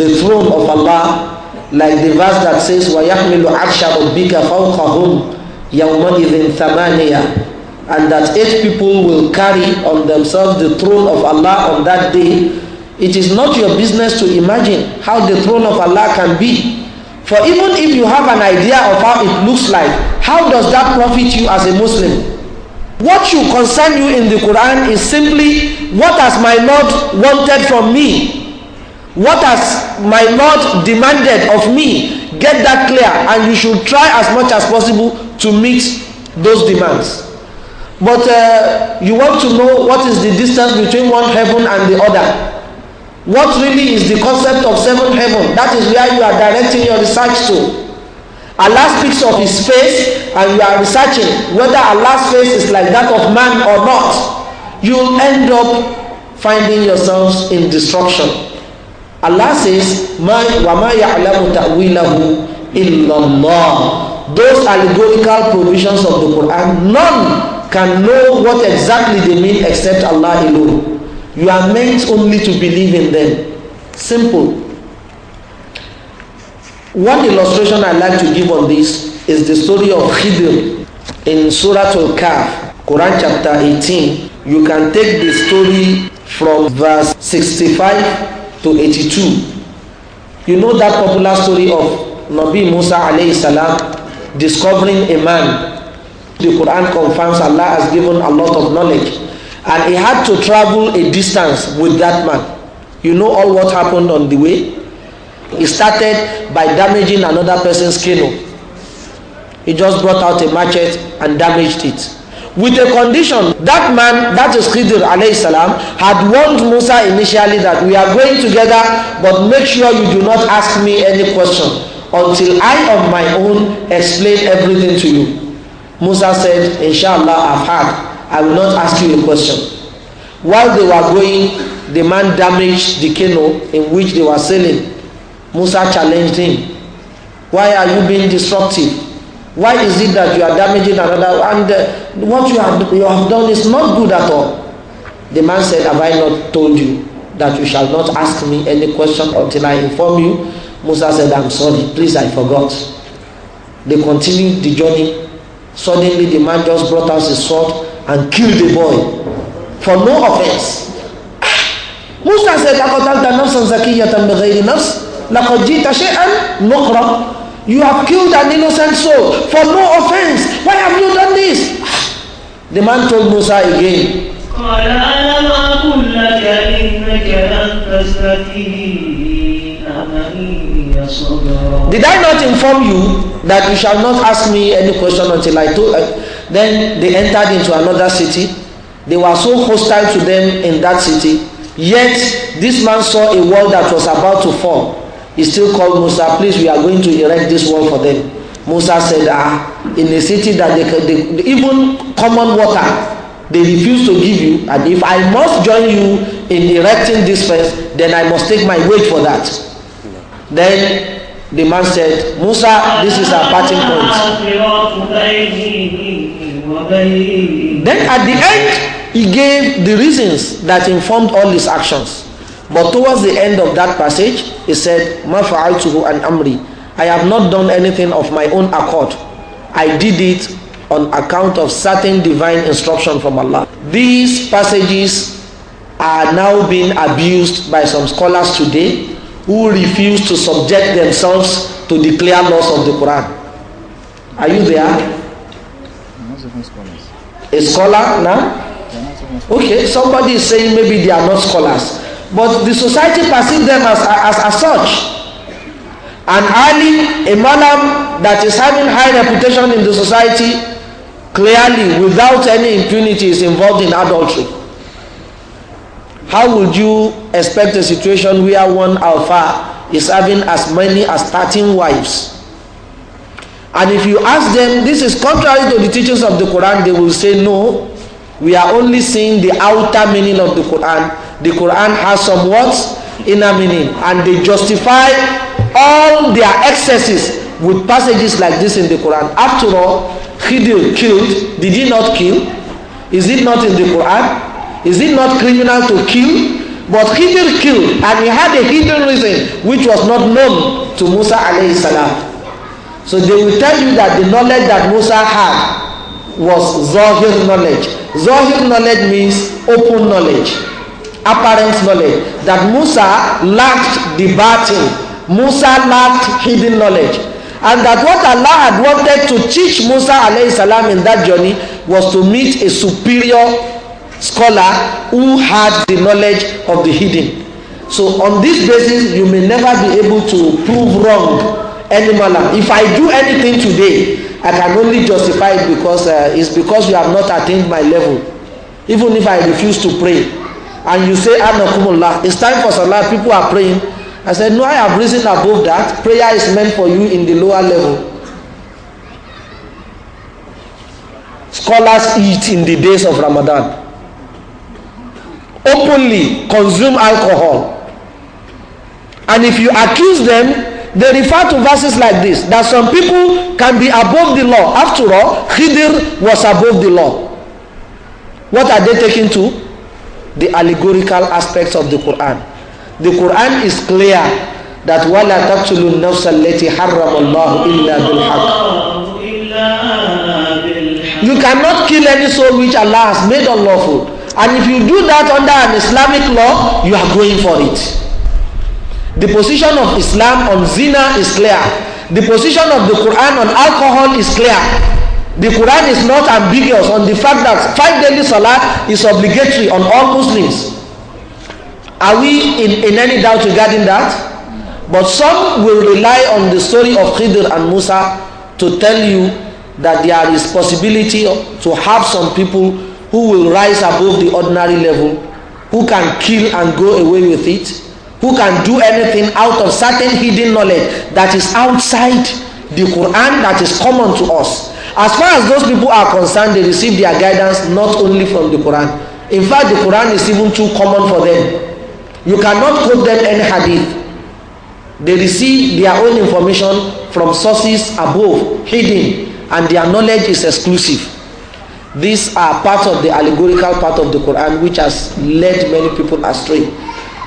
the throne of Allah, like the verse that says, وَيَحْمِلُ عَرْشَ رَبِّكَ فَوْقَهُمْ يَوْمَئِذٍ ثَمَانِيَةٍ And that eight people will carry on themselves the throne of Allah on that day. It is not your business to imagine how the throne of Allah can be. For even if you have an idea of how it looks like, how does that profit you as a Muslim? What should concern you in the Quran is simply what has my Lord wanted from me? What has my Lord demanded of me? Get that clear and you should try as much as possible to meet those demands. But uh, you want to know what is the distance between one heaven and the other. What really is the concept of seventh heaven? That is where you are directing your research to. Allah speaks of his face and you are researching whether Allah's face is like that of man or not. You'll end up finding yourselves in destruction. Allah says, وَمَا يَعْلَمُ تَأْوِيلَهُ إِلَّا Those allegorical provisions of the Quran, none can know what exactly they mean except Allah alone. You are meant only to believe in them. Simple. One illustration I like to give on this is the story of Khidr in Surah Al-Kahf, Quran chapter 18. You can take the story from verse 65 to 82. You know that popular story of Nabi Musa alayhi salam discovering a man. The Quran confirms Allah has given a lot of knowledge And he had to travel a distance with that man. You know all what happened on the way? He started by damaging another person's canoe. He just brought out a machete and damaged it. With a condition, that man, that is Khidr alayhi salam, had warned Musa initially that we are going together, but make sure you do not ask me any question until I on my own explain everything to you. Musa said, Inshallah, I have had." I will not ask you a question. While they were going, the man damaged the canoe in which they were sailing. Musa challenged him. Why are you being disruptive? Why is it that you are damaging another? And uh, what you have, you have done is not good at all. The man said, Have I not told you that you shall not ask me any question until I inform you? Musa said, I'm sorry, please, I forgot. They continued the journey. Suddenly, the man just brought out his sword and killed the boy for no offense. Musa said لقتلت نفسا زكية بغير نفس لقد جئت شيئا نقرا You have killed an innocent soul for no offense. Why have you done this? The man told Musa again. Did I not inform you that you shall not ask me any question until I told, uh, Then they entered into another city. They were so hostile to them in that city. Yet this man saw a wall that was about to fall. He still called Musa, please, we are going to erect this wall for them. Musa said, ah, in a city that they, they, even common water they refuse to give you and if I must join you in erecting this fence then I must take my weight for that. Then the man said, Musa, this is our parting point. Then at the end, he gave the reasons that informed all his actions. But towards the end of that passage, he said, Ma fa'altuhu an amri. I have not done anything of my own accord. I did it on account of certain divine instruction from Allah. These passages are now being abused by some scholars today who refuse to subject themselves to the clear laws of the Quran. Are you there? A scholar now? Okay, somebody is saying maybe they are not scholars. But the society perceives them as, as, as such. An Ali, a malam that is having high reputation in the society, clearly, without any impunity, is involved in adultery. How would you expect a situation where one alpha is having as many as 13 wives? And if you ask them, this is contrary to the teachings of the Quran, they will say, no, we are only seeing the outer meaning of the Quran. The Quran has some words, inner meaning. And they justify all their excesses with passages like this in the Quran. After all, Khidr killed, did he not kill? Is it not in the Quran? Is it not criminal to kill? But Khidr killed and he had a hidden reason which was not known to Musa alayhi salam. So they will tell you that the knowledge that Musa had was Zohir knowledge. Zohir knowledge means open knowledge, apparent knowledge. That Musa lacked the batin, Musa lacked hidden knowledge. And that what Allah had wanted to teach Musa alayhi salam in that journey was to meet a superior scholar who had the knowledge of the hidden. So on this basis, you may never be able to prove wrong any malam if i do anything today i can only justify it because uh, it's because you have not attained my level even if i refuse to pray and you say anakumullah it's time for salah people are praying i said no i have risen above that prayer is meant for you in the lower level scholars eat in the days of ramadan openly consume alcohol and if you accuse them they refer to verses like this that some people can be above the law. After all, Khidr was above the law. What are they taking to? The allegorical aspects of the Quran. The Quran is clear that وَلَا تَقْتُلُوا النَّفْسَ الَّتِي حَرَّمَ اللَّهُ إِلَّا بِالْحَقِّ You cannot kill any soul which Allah has made unlawful. And if you do that under an Islamic law, you are going for it. The position of Islam on zina is clear. The position of the Quran on alcohol is clear. The Quran is not ambiguous on the fact that five daily salat is obligatory on all Muslims. Are we in, in any doubt regarding that? But some will rely on the story of Khidr and Musa to tell you that there is possibility to have some people who will rise above the ordinary level, who can kill and go away with it, who can do anything out of certain hidden knowledge that is outside the Quran that is common to us. As far as those people are concerned, they receive their guidance not only from the Quran. In fact, the Quran is even too common for them. You cannot quote them any hadith. They receive their own information from sources above, hidden, and their knowledge is exclusive. These are part of the allegorical part of the Quran which has led many people astray.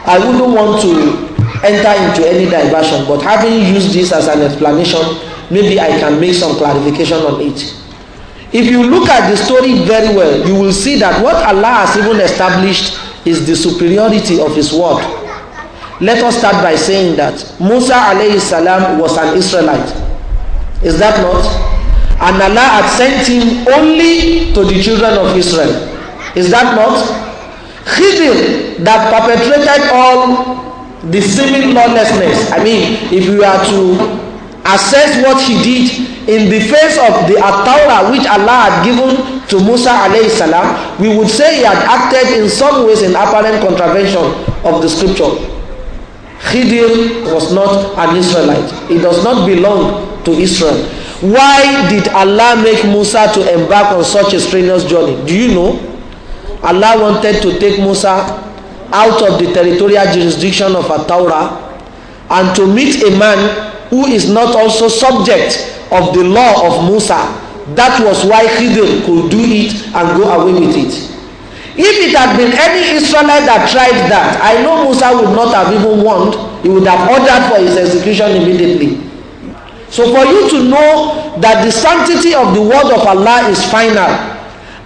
I wouldn't want to enter into any diversion, but having used this as an explanation, maybe I can make some clarification on it. If you look at the story very well, you will see that what Allah has even established is the superiority of His word. Let us start by saying that Musa alayhi salam was an Israelite. Is that not? And Allah had sent him only to the children of Israel. Is that not? Hidden that perpetrated all the seeming lawlessness. I mean, if we are to assess what he did in the face of the Torah which Allah had given to Musa alayhi salam, we would say he had acted in some ways in apparent contravention of the scripture. Khidir was not an Israelite. He does not belong to Israel. Why did Allah make Musa to embark on such a strenuous journey? Do you know? Allah wanted to take Musa out of the territorial jurisdiction of Ataura and to meet a man who is not also subject of the law of Musa. That was why Khidr could do it and go away with it. If it had been any Israelite that tried that, I know Musa would not have even warned. He would have ordered for his execution immediately. So for you to know that the sanctity of the word of Allah is final,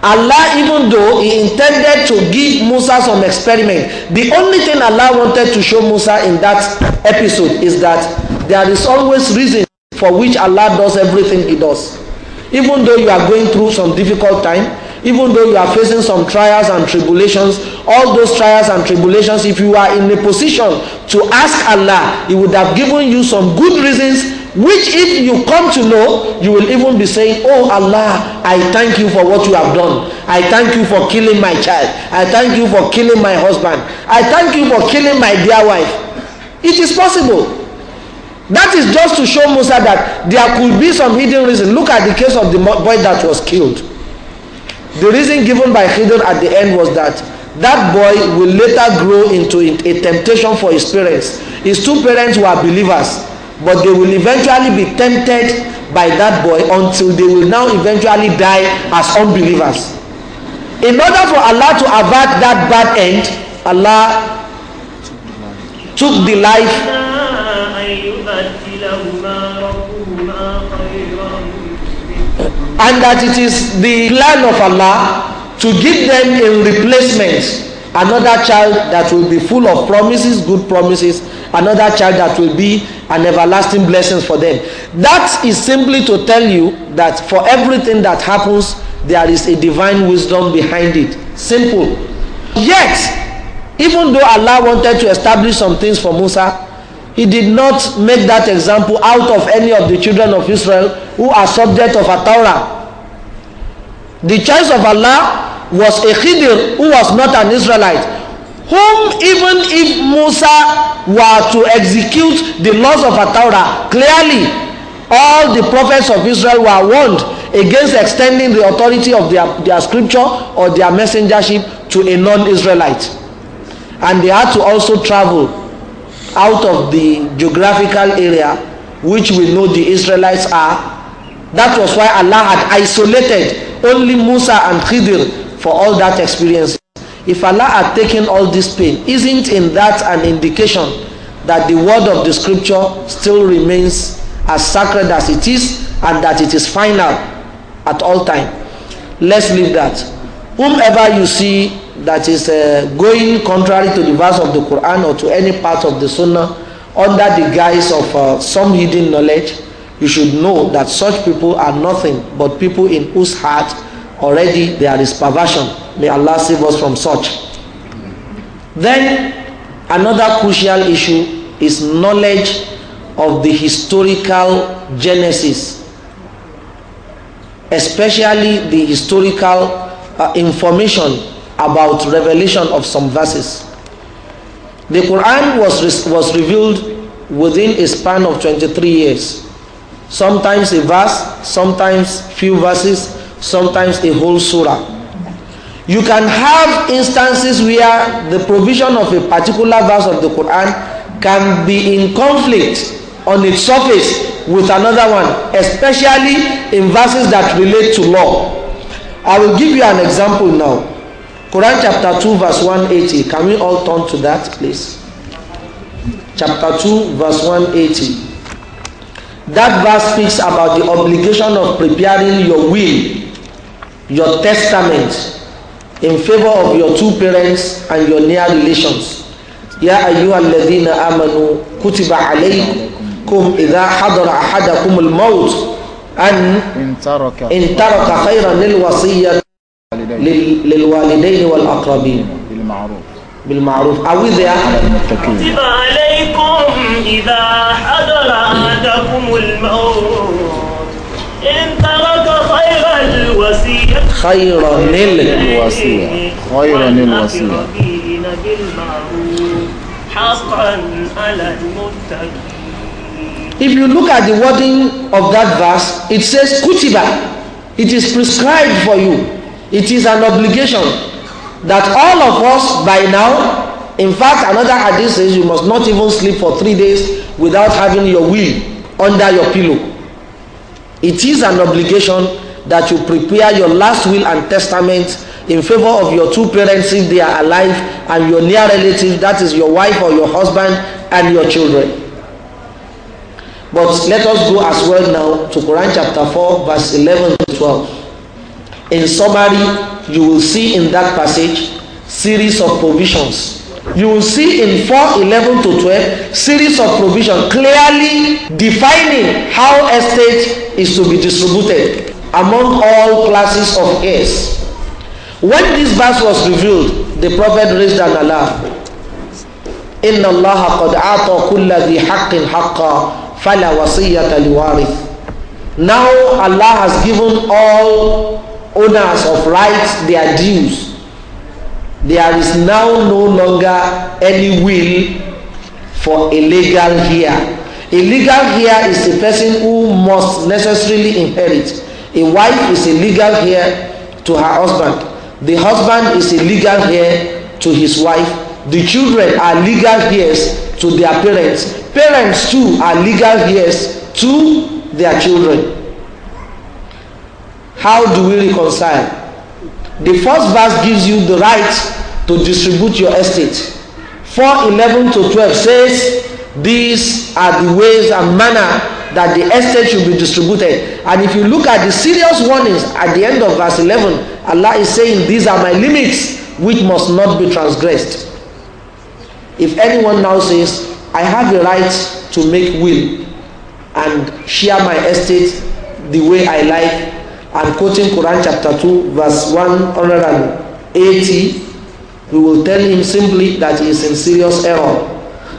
Allah even though he intended to give Musa some experiment the only thing Allah wanted to show Musa in that episode is that there is always reason for which Allah does everything he does even though you are going through some difficult time even though you are facing some trials and tribulations all those trials and tribulations if you are in a position to ask Allah he would have given you some good reasons which if you come to know you will even be saying oh allah i thank you for what you have done i thank you for killing my child i thank you for killing my husband i thank you for killing my dear wife it is possible that is just to show musa that there could be some hidden reason look at the case of the boy that was killed the reason given by hidden at the end was that that boy will later grow into a temptation for his parents his two parents were believers but they will eventually be tempted by that boy until they will now eventually die as unbelievers in order for allah to avert that bad end allah took the life and that it is the plan of allah to give them a replacement another child that will be full of promises good promises another child that will be an everlasting blessing for them that is simply to tell you that for everything that happens there is a divine wisdom behind it simple yet even though Allah wanted to establish some things for Musa he did not make that example out of any of the children of Israel who are subject of a Torah the choice of Allah was a Khidir who was not an Israelite, whom even if Musa were to execute the laws of Torah, clearly all the prophets of Israel were warned against extending the authority of their, their scripture or their messengership to a non-Israelite. And they had to also travel out of the geographical area which we know the Israelites are. That was why Allah had isolated only Musa and Khidir for all that experience. If Allah had taken all this pain, isn't in that an indication that the word of the scripture still remains as sacred as it is and that it is final at all time? Let's leave that. Whomever you see that is uh, going contrary to the verse of the Quran or to any part of the Sunnah under the guise of uh, some hidden knowledge, you should know that such people are nothing but people in whose heart already there is perversion. May Allah save us from such. Then, another crucial issue is knowledge of the historical genesis, especially the historical uh, information about revelation of some verses. The Quran was, was revealed within a span of 23 years. Sometimes a verse, sometimes few verses, sometimes a whole surah. You can have instances where the provision of a particular verse of the Quran can be in conflict on its surface with another one, especially in verses that relate to law. I will give you an example now. Quran chapter 2 verse 180. Can we all turn to that please? Chapter 2 verse 180. That verse speaks about the obligation of preparing your will your testament in favor of your two parents and your near relations يا أيها الذين آمنوا كتب عليكم إذا حضر أحدكم الموت أن إن ترك خيرا للوصية للوالدين والأقربين بالمعروف بالمعروف أو إذا كتب عليكم إذا حضر أحدكم الموت خيرا للوصية خيرا للوصية If you look at the wording of that verse, it says kutiba. It is prescribed for you. It is an obligation that all of us by now, in fact, another hadith says you must not even sleep for three days without having your will under your pillow. It is an obligation that you prepare your last will and testament in favor of your two parents if they are alive and your near relative, that is your wife or your husband and your children. But let us go as well now to Quran chapter four, verse eleven to twelve. In summary, you will see in that passage series of provisions you will see in 4 11 to 12 series of provision clearly defining how estate is to be distributed among all classes of heirs when this verse was revealed the prophet raised an alarm inna allaha qad ata kulla dhi haqqin haqqa fala wasiyata liwarith now allah has given all owners of rights their dues there is now no longer any will for illegal heir. Illegal heir is a person who must necessarily inherit. A wife is a legal heir to her husband. The husband is a legal heir to his wife. The children are legal heirs to their parents. Parents too are legal heirs to their children. How do we reconcile? The first verse gives you the right to distribute your estate. 4 11 to 12 says, These are the ways and manner that the estate should be distributed. And if you look at the serious warnings at the end of verse 11, Allah is saying, These are my limits which must not be transgressed. If anyone now says, I have a right to make will and share my estate the way I like and quoting Quran chapter 2, verse 180, we will tell him simply that he is in serious error.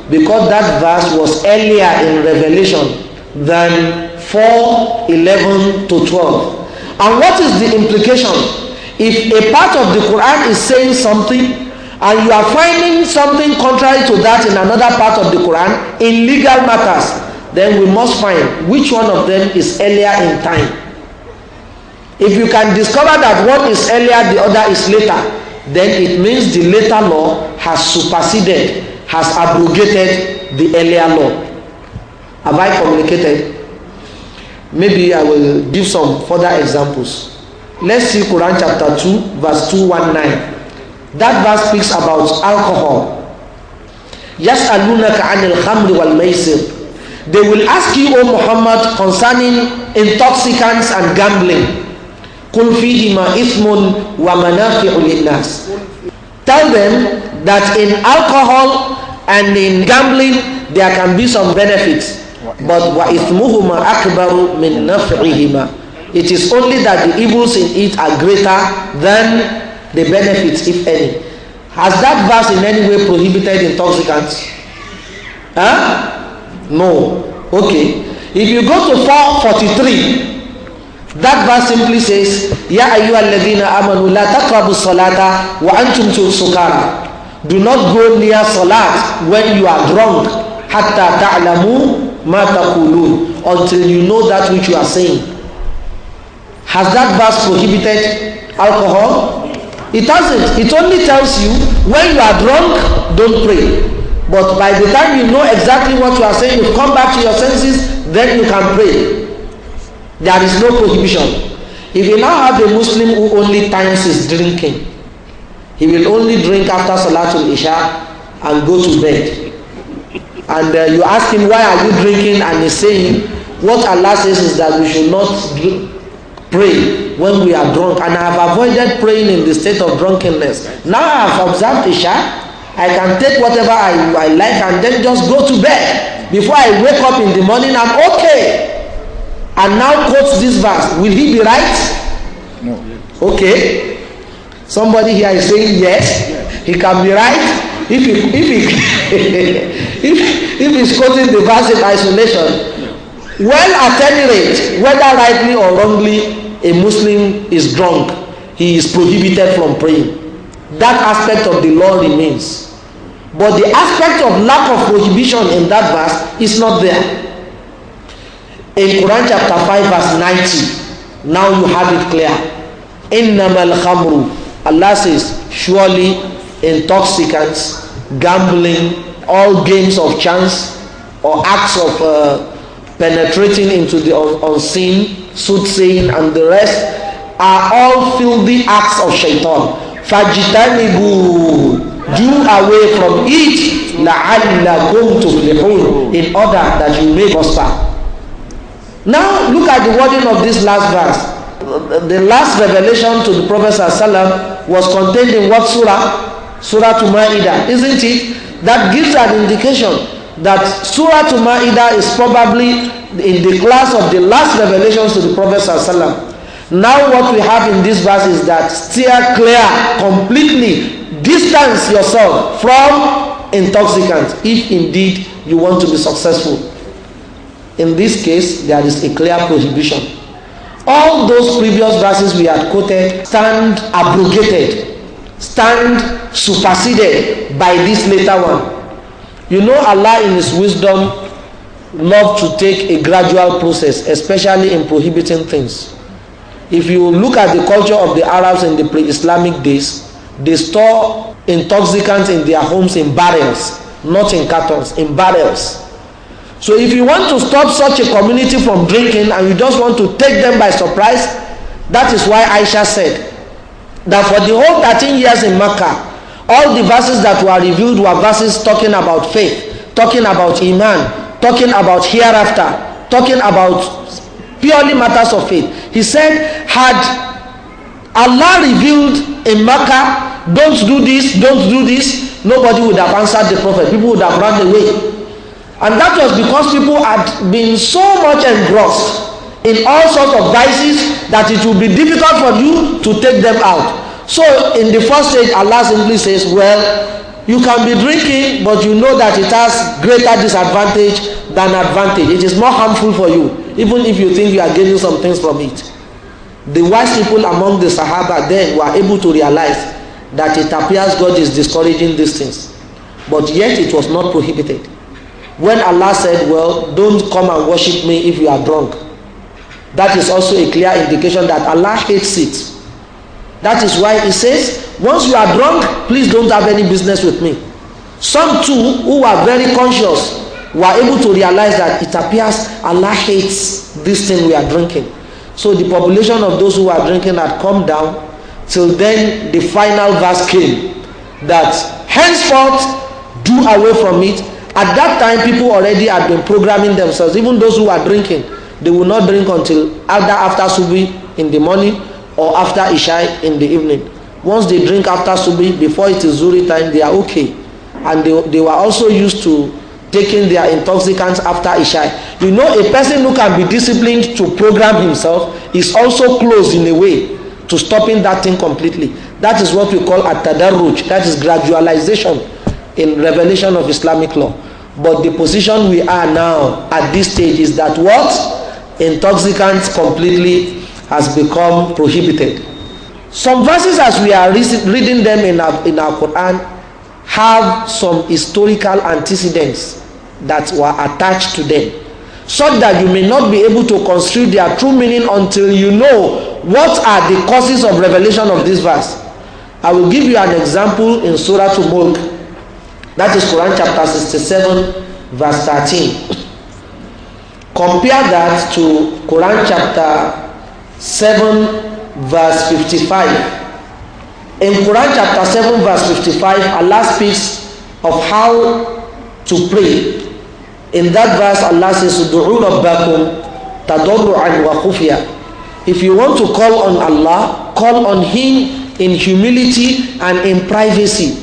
Because that verse was earlier in Revelation than 4 11 to 12. And what is the implication? If a part of the Quran is saying something, and you are finding something contrary to that in another part of the Quran in legal matters, then we must find which one of them is earlier in time. If you can discover that one is earlier, the other is later, then it means the later law has superseded, has abrogated the earlier law. Have I communicated? Maybe I will give some further examples. Let's see Quran chapter two, verse two one nine. That verse speaks about alcohol. يَسْأَلُونَكَ عَنِ الْخَمْرِ وَالْمَيْسِرِ They will ask you, O Muhammad, concerning intoxicants and gambling. Kun fihima ithmun wa manafi'u linnas. Tell them that in alcohol and in gambling there can be some benefits. But wa ithmuhuma akbaru min nafi'ihima. It is only that the evils in it are greater than the benefits, if any. Has that verse in any way prohibited intoxicants? Huh? No. Okay. If you go to 443, That verse simply says, Ya ayyuhalladhina amanu la taqrabu salata wa antum sukara. Do not go near salat when you are drunk hatta ta'lamu ma taqulun until you know that which you are saying. Has that verse prohibited alcohol? It hasn't. It only tells you when you are drunk, don't pray. But by the time you know exactly what you are saying, you come back to your senses, then you can pray. There is no prohibition. If you now have a Muslim who only times his drinking, he will only drink after Salatul Isha and go to bed. And uh, you ask him, why are you drinking? And he's saying, what Allah says is that we should not pray when we are drunk. And I have avoided praying in the state of drunkenness. Now I have observed Isha. I can take whatever I, I like and then just go to bed. Before I wake up in the morning, I'm okay. and now quotes this verse, will he be right? No. Okay. Somebody here is saying yes, yes. he can be right. If he, if he, (laughs) if, if he's quoting the verse in isolation, no. well, at any rate, whether rightly or wrongly, a Muslim is drunk. He is prohibited from praying. That aspect of the law remains. But the aspect of lack of prohibition in that verse is not there. In Quran chapter five verse ninety, now you have it clear. Innamal khamru. Allah says, surely intoxicants, gambling, all games of chance or acts of uh, penetrating into the unseen, soothsaying and the rest are all filthy acts of shaitan. Fajitanibu. Do away from it. La'allakum tuflihun. In order that you may prosper. Now look at the wording of this last verse. The last revelation to the Prophet ﷺ was contained in what surah? Surah to Ma'idah, isn't it? That gives an indication that Surah to Ma'idah is probably in the class of the last revelations to the Prophet ﷺ. Now what we have in this verse is that steer clear completely. Distance yourself from intoxicants if indeed you want to be successful. In this case, there is a clear prohibition. All those previous verses we had quoted stand abrogated, stand superseded by this later one. You know, Allah in His wisdom love to take a gradual process, especially in prohibiting things. If you look at the culture of the Arabs in the pre-Islamic days, they store intoxicants in their homes in barrels, not in cartons, in barrels So if you want to stop such a community from drinking and you just want to take them by surprise, that is why Aisha said that for the whole 13 years in Makkah, all the verses that were revealed were verses talking about faith, talking about Iman, talking about hereafter, talking about purely matters of faith. He said, had Allah revealed in Makkah, don't do this, don't do this, nobody would have answered the prophet. People would have run away. And that was because people had been so much engrossed in all sorts of vices that it would be difficult for you to take them out. So in the first stage, Allah simply says, well, you can be drinking but you know that it has greater disadvantage than advantage it is more harmful for you even if you think you are gaining some things from it the wise people among the sahaba then were able to realize that it appears god is discouraging these things but yet it was not prohibited When Allah said, Well, don't come and worship me if you are drunk, that is also a clear indication that Allah hates it. That is why He says, Once you are drunk, please don't have any business with me. Some too, who are very conscious, were able to realize that it appears Allah hates this thing we are drinking. So the population of those who were drinking had come down. Till then, the final verse came that henceforth, do away from it At that time, people already had been programming themselves. Even those who were drinking, they would not drink until either after Subi in the morning or after Isha in the evening. Once they drink after Subi, before it is Zuri time, they are okay. And they, they were also used to taking their intoxicants after Isha. You know, a person who can be disciplined to program himself is also close in a way to stopping that thing completely. That is what we call atadarruj. That is gradualization in revelation of Islamic law. But the position we are now at this stage is that what? Intoxicants completely has become prohibited. Some verses as we are reading them in our, in our Quran have some historical antecedents that were attached to them so that you may not be able to construe their true meaning until you know what are the causes of revelation of this verse. I will give you an example in Surah to Mulk That is Quran chapter sixty-seven, verse thirteen. Compare that to Quran chapter seven, verse fifty-five. In Quran chapter seven, verse fifty-five, Allah speaks of how to pray. In that verse, Allah says, Du'u Rabbakum tadurru'an wa khufiya. If you want to call on Allah, call on Him in humility and in privacy.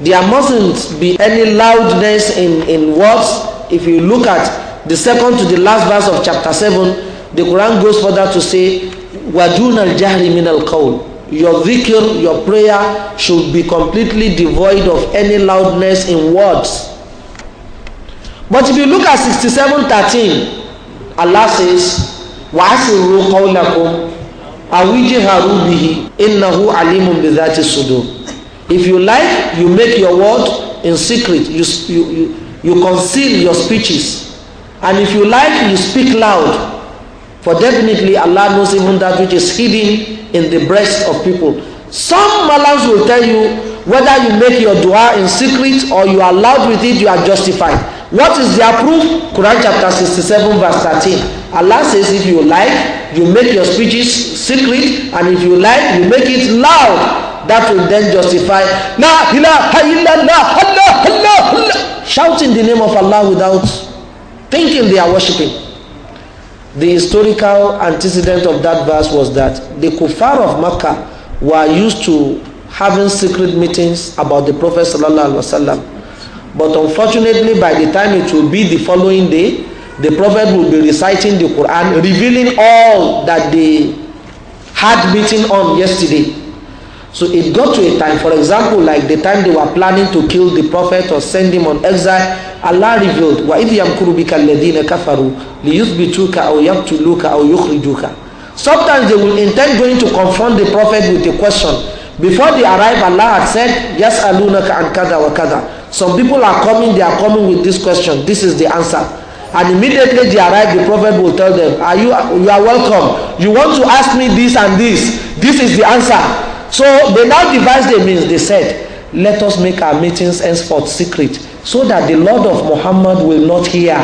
There mustn't be any loudness in, in words. If you look at the second to the last verse of chapter seven, the Quran goes further to say, Wadun al min al qawl. Your dhikr, your prayer should be completely devoid of any loudness in words. But if you look at sixty-seven thirteen, Allah says, وَعَسِرُوا قَوْلَكُمْ أَوِجِهَرُوا بِهِ إِنَّهُ عَلِيمٌ بِذَاتِ الصُّدُورِ If you like, you make your word in secret. You, you, you, you conceal your speeches. And if you like, you speak loud. For definitely Allah knows even that which is hidden in the breast of people. Some malams will tell you whether you make your dua in secret or you are loud with it, you are justified. What is their proof? Quran chapter 67, verse 13. Allah says, if you like, you make your speeches secret, and if you like, you make it loud. that will then justify la ilaha illallah Allah Allah Allah shouting the name of Allah without thinking they are worshiping. the historical antecedent of that verse was that the kuffar of Makkah were used to having secret meetings about the Prophet sallallahu alaihi wasallam but unfortunately by the time it will be the following day the prophet will be reciting the Quran revealing all that they had meeting on yesterday So it got to a time, for example, like the time they were planning to kill the prophet or send him on exile, Allah revealed, وَإِذْ يَمْكُرُ بِكَ الَّذِينَ كَفَرُوا لِيُثْبِتُوكَ أَوْ يَقْتُلُوكَ أَوْ يُخْرِجُوكَ Sometimes they will intend going to confront the prophet with a question. Before they arrive, Allah had said, Yes, alunaka and kada wa kada. Some people are coming, they are coming with this question. This is the answer. And immediately they arrive, the prophet will tell them, Are you you are welcome? You want to ask me this and this. This is the answer. So they now devised a means. They said, Let us make our meetings henceforth secret so that the Lord of Muhammad will not hear.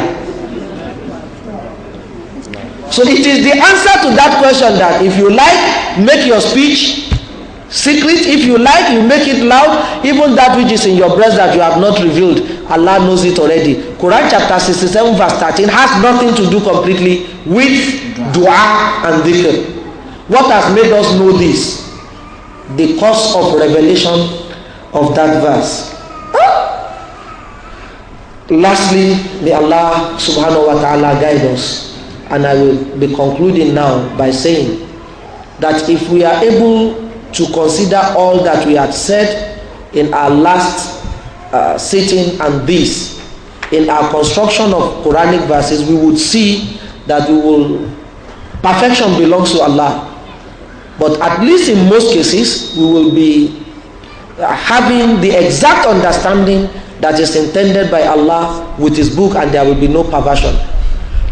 So it is the answer to that question that if you like, make your speech secret. If you like, you make it loud. Even that which is in your breast that you have not revealed, Allah knows it already. Quran chapter 67 verse 13 has nothing to do completely with dua and dhikr. What has made us know this? the cause of revelation of that verse. Lastly, may Allah subhanahu wa ta'ala guide us. And I will be concluding now by saying that if we are able to consider all that we had said in our last uh, sitting and this, in our construction of Quranic verses, we would see that we will perfection belongs to Allah but at least in most cases, we will be uh, having the exact understanding that is intended by Allah with His book, and there will be no perversion.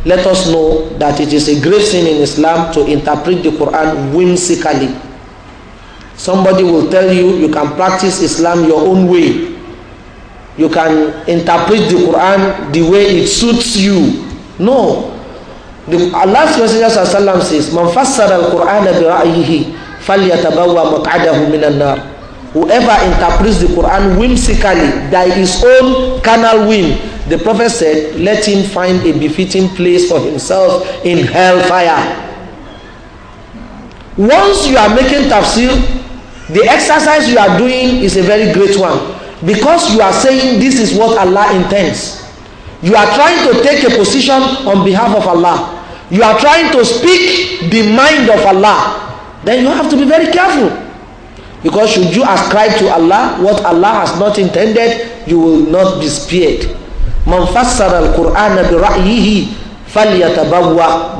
Let us know that it is a grave sin in Islam to interpret the Quran whimsically. Somebody will tell you you can practice Islam your own way. You can interpret the Quran the way it suits you. No, the last Messenger says, Man fassara al-Qur'an bi ra'yihi falyatabawwa maq'adahu minan nar. Whoever interprets the Quran whimsically by his own carnal whim, the Prophet said, let him find a befitting place for himself in hellfire. Once you are making tafsir, the exercise you are doing is a very great one because you are saying this is what Allah intends. You are trying to take a position on behalf of Allah you are trying to speak the mind of Allah, then you have to be very careful. Because should you ascribe to Allah what Allah has not intended, you will not be spared. من فسر القرآن برأيه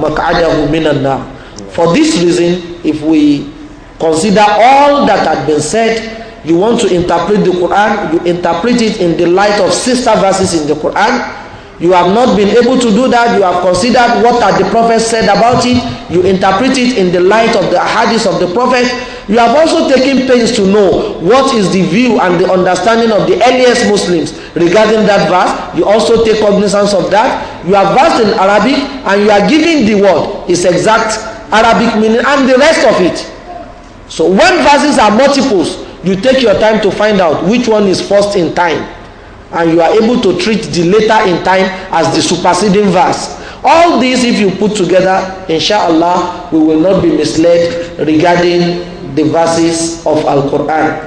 مقعده من النار. For this reason, if we consider all that had been said, you want to interpret the Quran, you interpret it in the light of sister verses in the Quran, you have not been able to do that you have considered what the prophet said about it you interpret it in the light of the hadith of the prophet you have also taken pains to know what is the view and the understanding of the earliest muslims regarding that verse you also take cognizance of that you are versed in arabic and you are giving the word its exact arabic meaning and the rest of it so when verses are multiples you take your time to find out which one is first in time and you are able to treat the later in time as the superseding verse all these if you put together inshallah we will not be misled regarding the verses of al-quran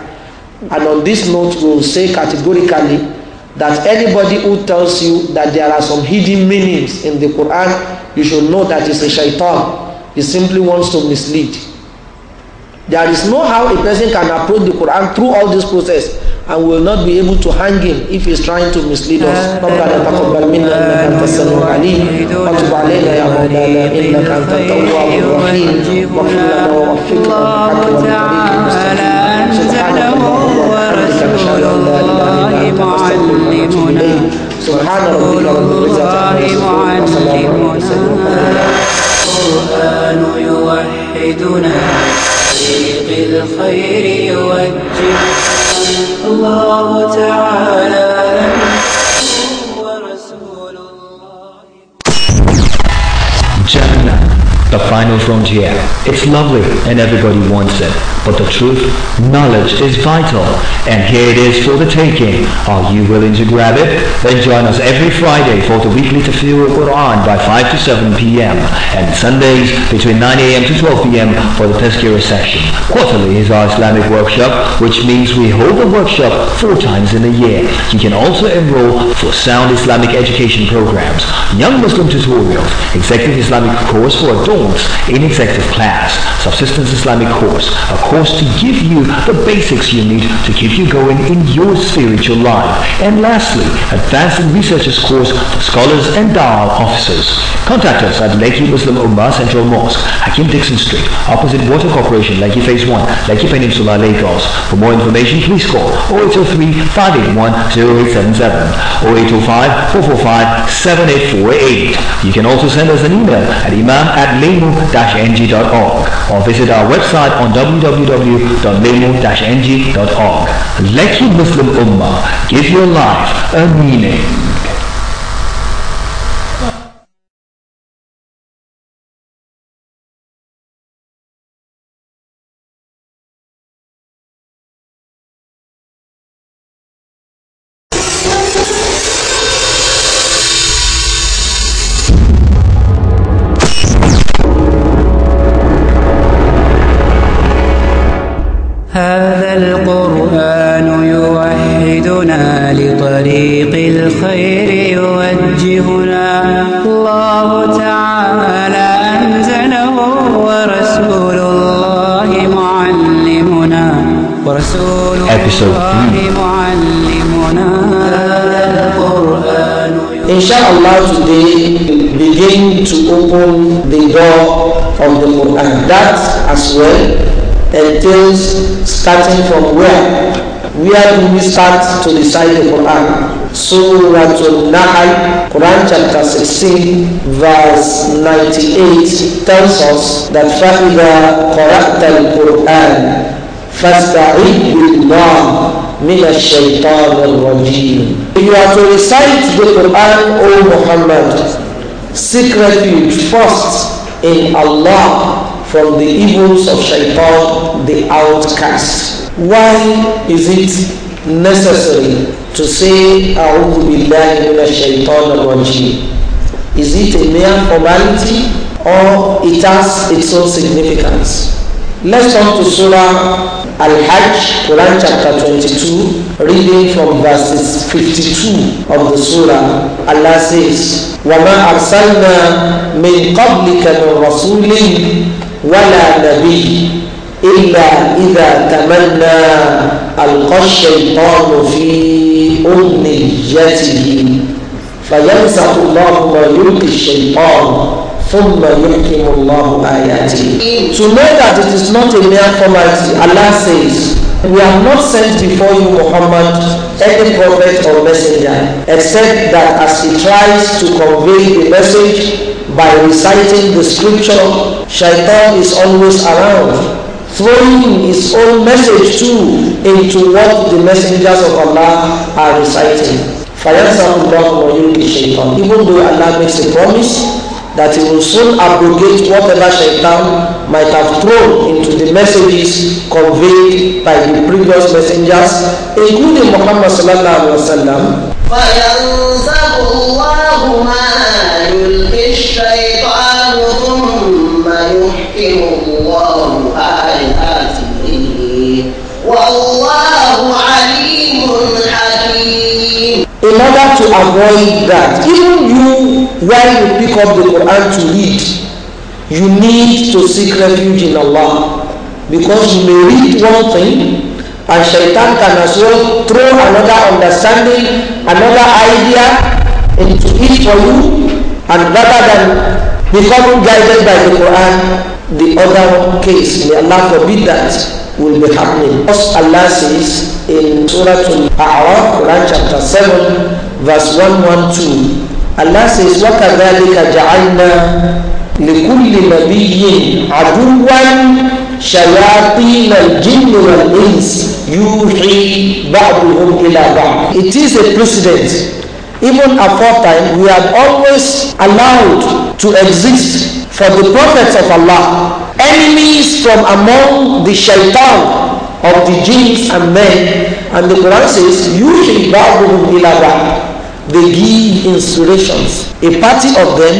and on this note we will say categorically that anybody who tells you that there are some hidden meanings in the quran you should know that it's a shaitan he simply wants to mislead there is no how a person can approach the quran through all this process and we will not be able to hang him if he's trying to mislead us ربنا تقبل منا انك انت السميع العليم وتب علينا يا مولانا انك انت التواب الرحيم واغفر لنا ووفقنا بالحق والطريق المستقيم سبحانك اللهم وبحمدك اشهد ان لا اله الا انت استغفرك واتوب اليك سبحان ربك رب العزه عما يصفون وسلام على القران يوحدنا طريق الخير يوجهنا الله تعالى the final frontier. It's lovely and everybody wants it. But the truth, knowledge is vital. And here it is for the taking. Are you willing to grab it? Then join us every Friday for the weekly Tafsir Quran by 5 to 7 p.m. and Sundays between 9 a.m. to 12 p.m. for the Tazkirah session. Quarterly is our Islamic workshop, which means we hold the workshop four times in a year. You can also enroll for sound Islamic education programs, young Muslim tutorials, executive Islamic course for adults, in executive class subsistence Islamic course, a course to give you the basics you need to keep you going in your spiritual life. And lastly, Advanced in Researchers course for scholars and dawah officers. Contact us at Lakey Muslim Ummah Central Mosque, Hakim Dixon Street, opposite Water Corporation, Lakey Phase 1, Lakey Peninsula, Lagos. For more information, please call 0803-581-0877, 0805-445-7848. You can also send us an email at imam at ngorg or visit our website on www.lemu-ng.org. your Muslim Ummah. Give your life a meaning. starting from where? Where do we start to recite the Quran? Surah Al-Nahl, Quran chapter 16, verse 98 tells us that Quran, فَإِذَا قَرَأْتَ الْقُرْآنَ فَاسْتَعِذْ بِاللَّهِ من الشيطان If You are to recite the Quran, O Muhammad. Seek refuge first in Allah from the evils of shaitan, the outcast. Why is it necessary to say, A'udhu billahi minash shaitan rajim? Is it a mere formality or it has its own significance? Let's turn to Surah Al-Hajj, Quran chapter 22, reading from verses 52 of the surah. Allah says, وَمَا أَرْسَلْنَا مِنْ قَبْلِكَ مِنْ رَسُولٍ ولا نبي إلا إذا تمنى ألقى الشيطان في أمنيته فيمسح الله ما يلقي الشيطان ثم يحكم الله آياته To know that it is not a mere formality, Allah says, We have not sent before you, Muhammad, any prophet or messenger, except that as he tries to convey the message, by reciting the scripture, shaitan is always around, throwing his own message too into what the messengers of Allah are reciting. Even though Allah makes a promise that He will soon abrogate whatever shaitan might have thrown into the messages conveyed by the previous messengers, including Muhammad sallallahu alaihi wasallam. in order to avoid that even you when you pick up the quran to read you need to seek refuge in allah because you may read one thing and shaitan can as well throw another understanding another idea into it for you and rather than becoming guided by the quran the other case. May Allah forbid that will be happening. As Allah says in Surah Al-A'raf, Quran chapter 7, verse 112, Allah says, وَكَذَلِكَ جَعَلْنَا لِكُلِّ نَبِيٍّ عَدُوًّا شَيَاطِينَ الْجِنِّ وَالْإِنسِ يُوحِي بَعْضُهُمْ إِلَى بَعْضٍ It is a precedent even aforetime we are always allowed to exist for the prophets of Allah, enemies from among the shaitan of the jinns and men. And the Quran says, "You should Yushibahum ilaba. They give inspirations. A party of them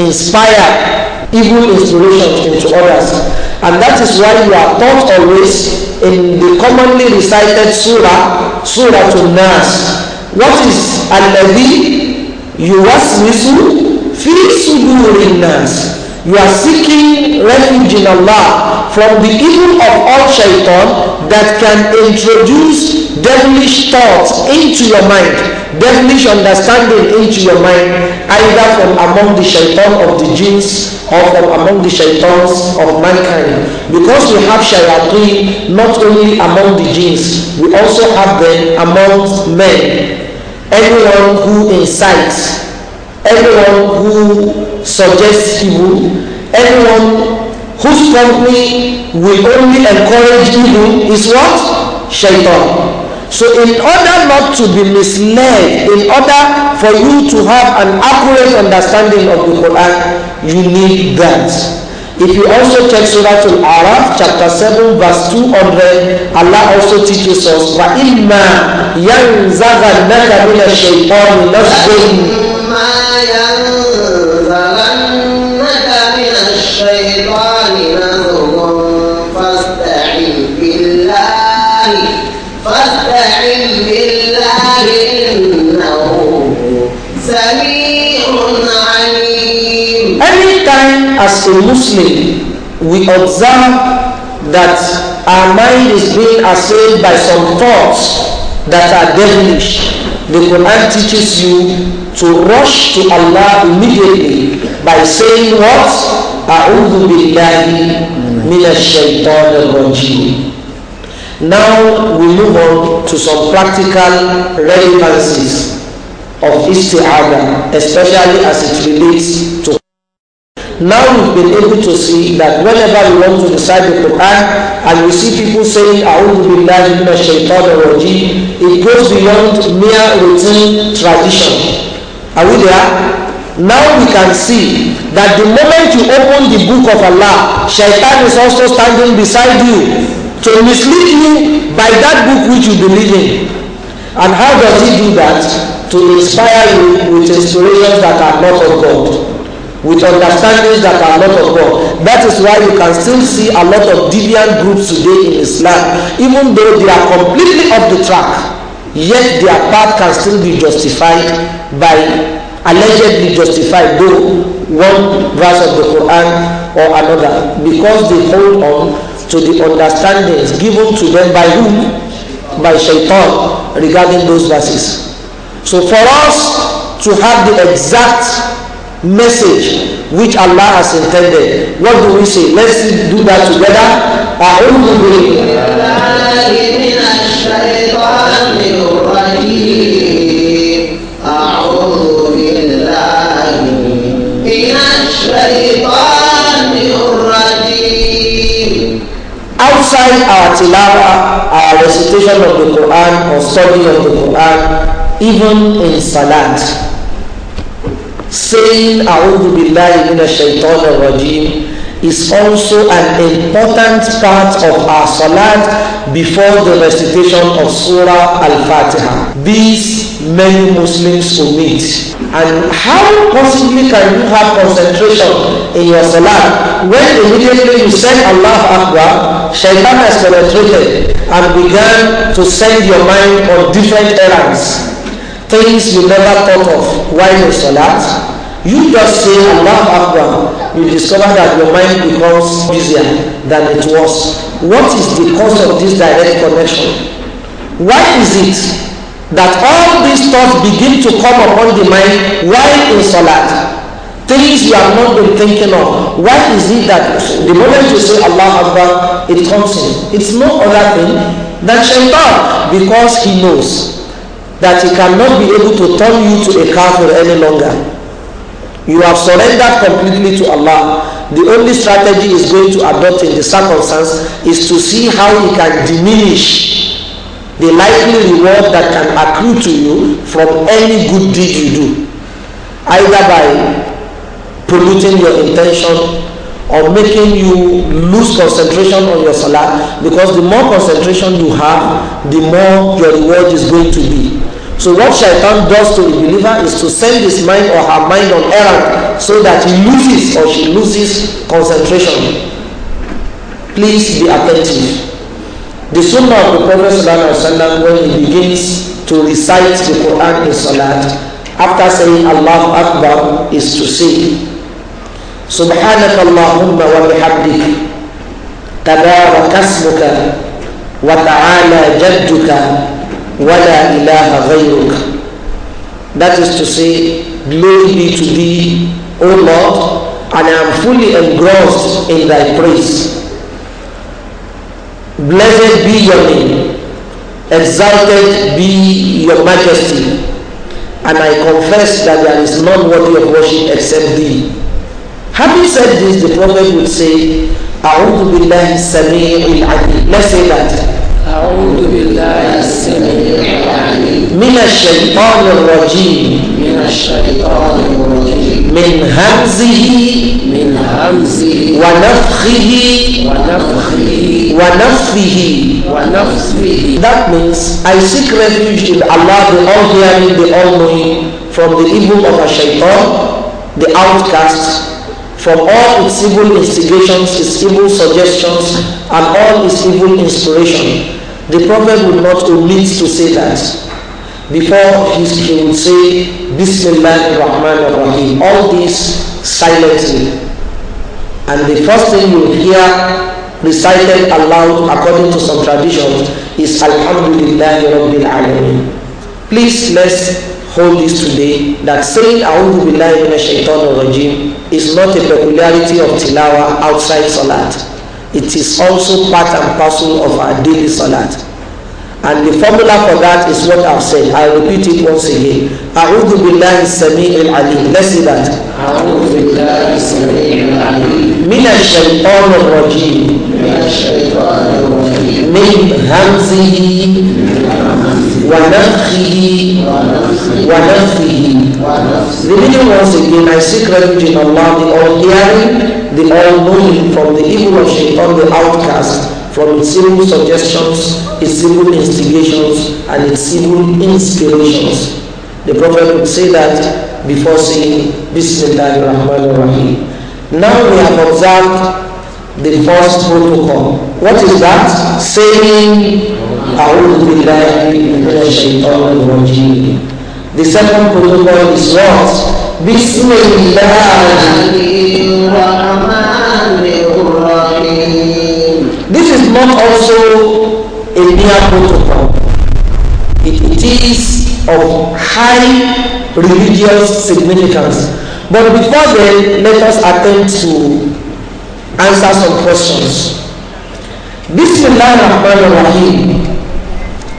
inspire evil inspirations into others. And that is why we are taught always in the commonly recited surah, Surah to Nas. What is alẹ́bí yuwaswisu fi suduri nas you are seeking refuge in Allah from the evil of all shaitan that can introduce devilish thoughts into your mind, devilish understanding into your mind, either from among the shaitan of the jinns or from among the shaitans of mankind. Because we have shayateen not only among the jinns, we also have them among men anyone who incites, anyone who suggests evil, anyone whose company will only encourage evil is what? Shaitan. So in order not to be misled, in order for you to have an accurate understanding of the Quran, you need that. If you also check Surah Al-Araf, chapter 7, verse 200, Allah also teaches us, وَإِمَّا يَنْزَغَنَّكَ مِنَ الشَّيْطَانِ نَزْغٌ as a Muslim, we observe that our mind is being assailed by some thoughts that are devilish. The Quran teaches you to rush to Allah immediately by saying what? أعوذ بالله من الشيطان الرجيم Now we move on to some practical relevances of isti'adah, especially as it relates Now we've been able to see that whenever we want to recite the Quran and we see people saying A'udhu Billahi Minash Shaitan Rajim, it goes beyond mere routine tradition. Are we there? Now we can see that the moment you open the book of Allah, Shaitan is also standing beside you to mislead you by that book which you believe in. And how does he do that? To inspire you with inspirations that are not of God with understandings that are not of God. That is why you can still see a lot of deviant groups today in Islam, even though they are completely off the track, yet their path can still be justified by allegedly justified though one verse of the Quran or another because they hold on to the understandings given to them by whom? By shaitan regarding those verses. So for us to have the exact message which Allah has intended. What do we say? Let's do that together. أعوذ بالله من Outside our tilawa, our recitation of the Quran or study of the Quran, even in Salat, saying A'udhu Billahi Minash Shaitanir Rajim is also an important part of our salat before the recitation of Surah Al-Fatiha. These many Muslims omit. And how possibly can you have concentration in your salat when immediately you said Allah Akbar, shaitan has penetrated and began to send your mind on different errands? things you never thought of while in salat you just say allah akbar you discover that your mind becomes busier than it was what is the cause of this direct connection why is it that all these thoughts begin to come upon the mind while in salat things you have not been thinking of why is it that the moment you say allah akbar it comes in it's no other thing than shaitan because he knows that he cannot be able to turn you to a kafir any longer. You have surrendered completely to Allah. The only strategy is going to adopt in the circumstance is to see how he can diminish the likely reward that can accrue to you from any good deed you do. Either by polluting your intention or making you lose concentration on your salah because the more concentration you have, the more your reward is going to be. So what shaitan does to a believer is to send his mind or her mind on error so that he loses or she loses concentration. Please be attentive. The sunnah of the Prophet ﷺ when he begins to recite the Quran in Salat, after saying Allah Akbar is to say, سبحانك اللهم وبحمدك تبارك اسمك وتعالى جدك wala ilaha ghayruk. That is to say, glory be to thee, O Lord, and I am fully engrossed in thy praise. Blessed be your name, exalted be your majesty, and I confess that there is none worthy of worship except thee. Having said this, the prophet would say, أعوذ بالله السميع العليم. Let's say that. أعوذ بالله السميع العليم من الشيطان الرجيم من الشيطان الرجيم من همزه من همزه ونفخه ونفخه ونفخه ونفخه That means I seek refuge in Allah the All-Hearing, the All-Knowing from the evil of a shaitan, the outcast, from all its evil instigations, its evil suggestions, and all its evil inspiration. The Prophet would not omit to say that. Before he, would say, Bismillah ar-Rahman ar-Rahim. All this silently. And the first thing you hear recited aloud according to some traditions is Alhamdulillah Rabbil Alameen. Please let's hold this today that saying Alhamdulillah Shaitan Rajim is not a peculiarity of Tilawa outside Salat. It is also part and parcel of our daily salat. And the formula for that is what I've said. I repeat it once again. أعوذ billahi السميع العليم. Let's see that. أعوذ بالله السميع العليم. من الشيطان wa من الشيطان الرجيم. Believing once again, I seek refuge in Allah, the all-hearing, the all-knowing, from the evil of shaitan, the outcast, from its evil suggestions, its evil instigations, and its evil inspirations. The Prophet would say that before saying, Bismillah ar rahim Now we have observed the first protocol. What is that? Saying, أعوذ بالله من الشيطان الرجيم The second protocol is what? Bismillah. This is not also a mere protocol. It, it is of high religious significance. But before then, let us attempt to answer some questions. Bismillah ar-Rahman rahim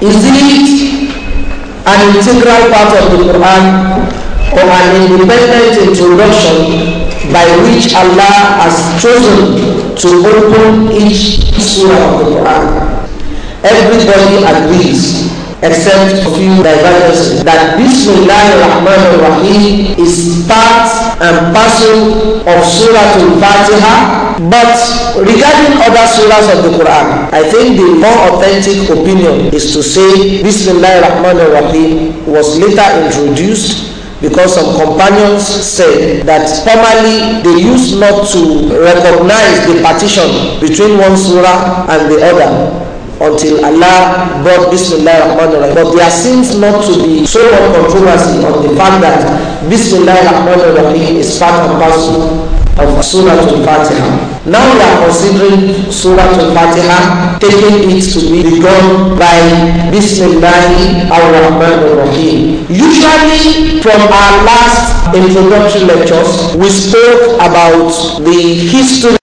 Is it an integral part of the Quran or an independent introduction by which Allah has chosen to open each surah of the Quran. Everybody agrees except a few divergences that Bismillah ar-Rahman ar-Rahim is part and parcel of Surah Al-Fatiha But regarding other surahs of the Quran, I think the more authentic opinion is to say Bismillahir Rahmanir rahim was later introduced because some companions said that formerly they used not to recognize the partition between one surah and the other until Allah brought Bismillah Rahman Rahim. But there seems not to be so much controversy on the fact that Bismillah Rahman Rahim is part and parcel of Surah Al-Fatiha. Now we are considering Surah Al-Fatiha, taking it to be begun by Bismillah ar-Rahman ar-Rahim. Usually from our last introductory lectures, we spoke about the history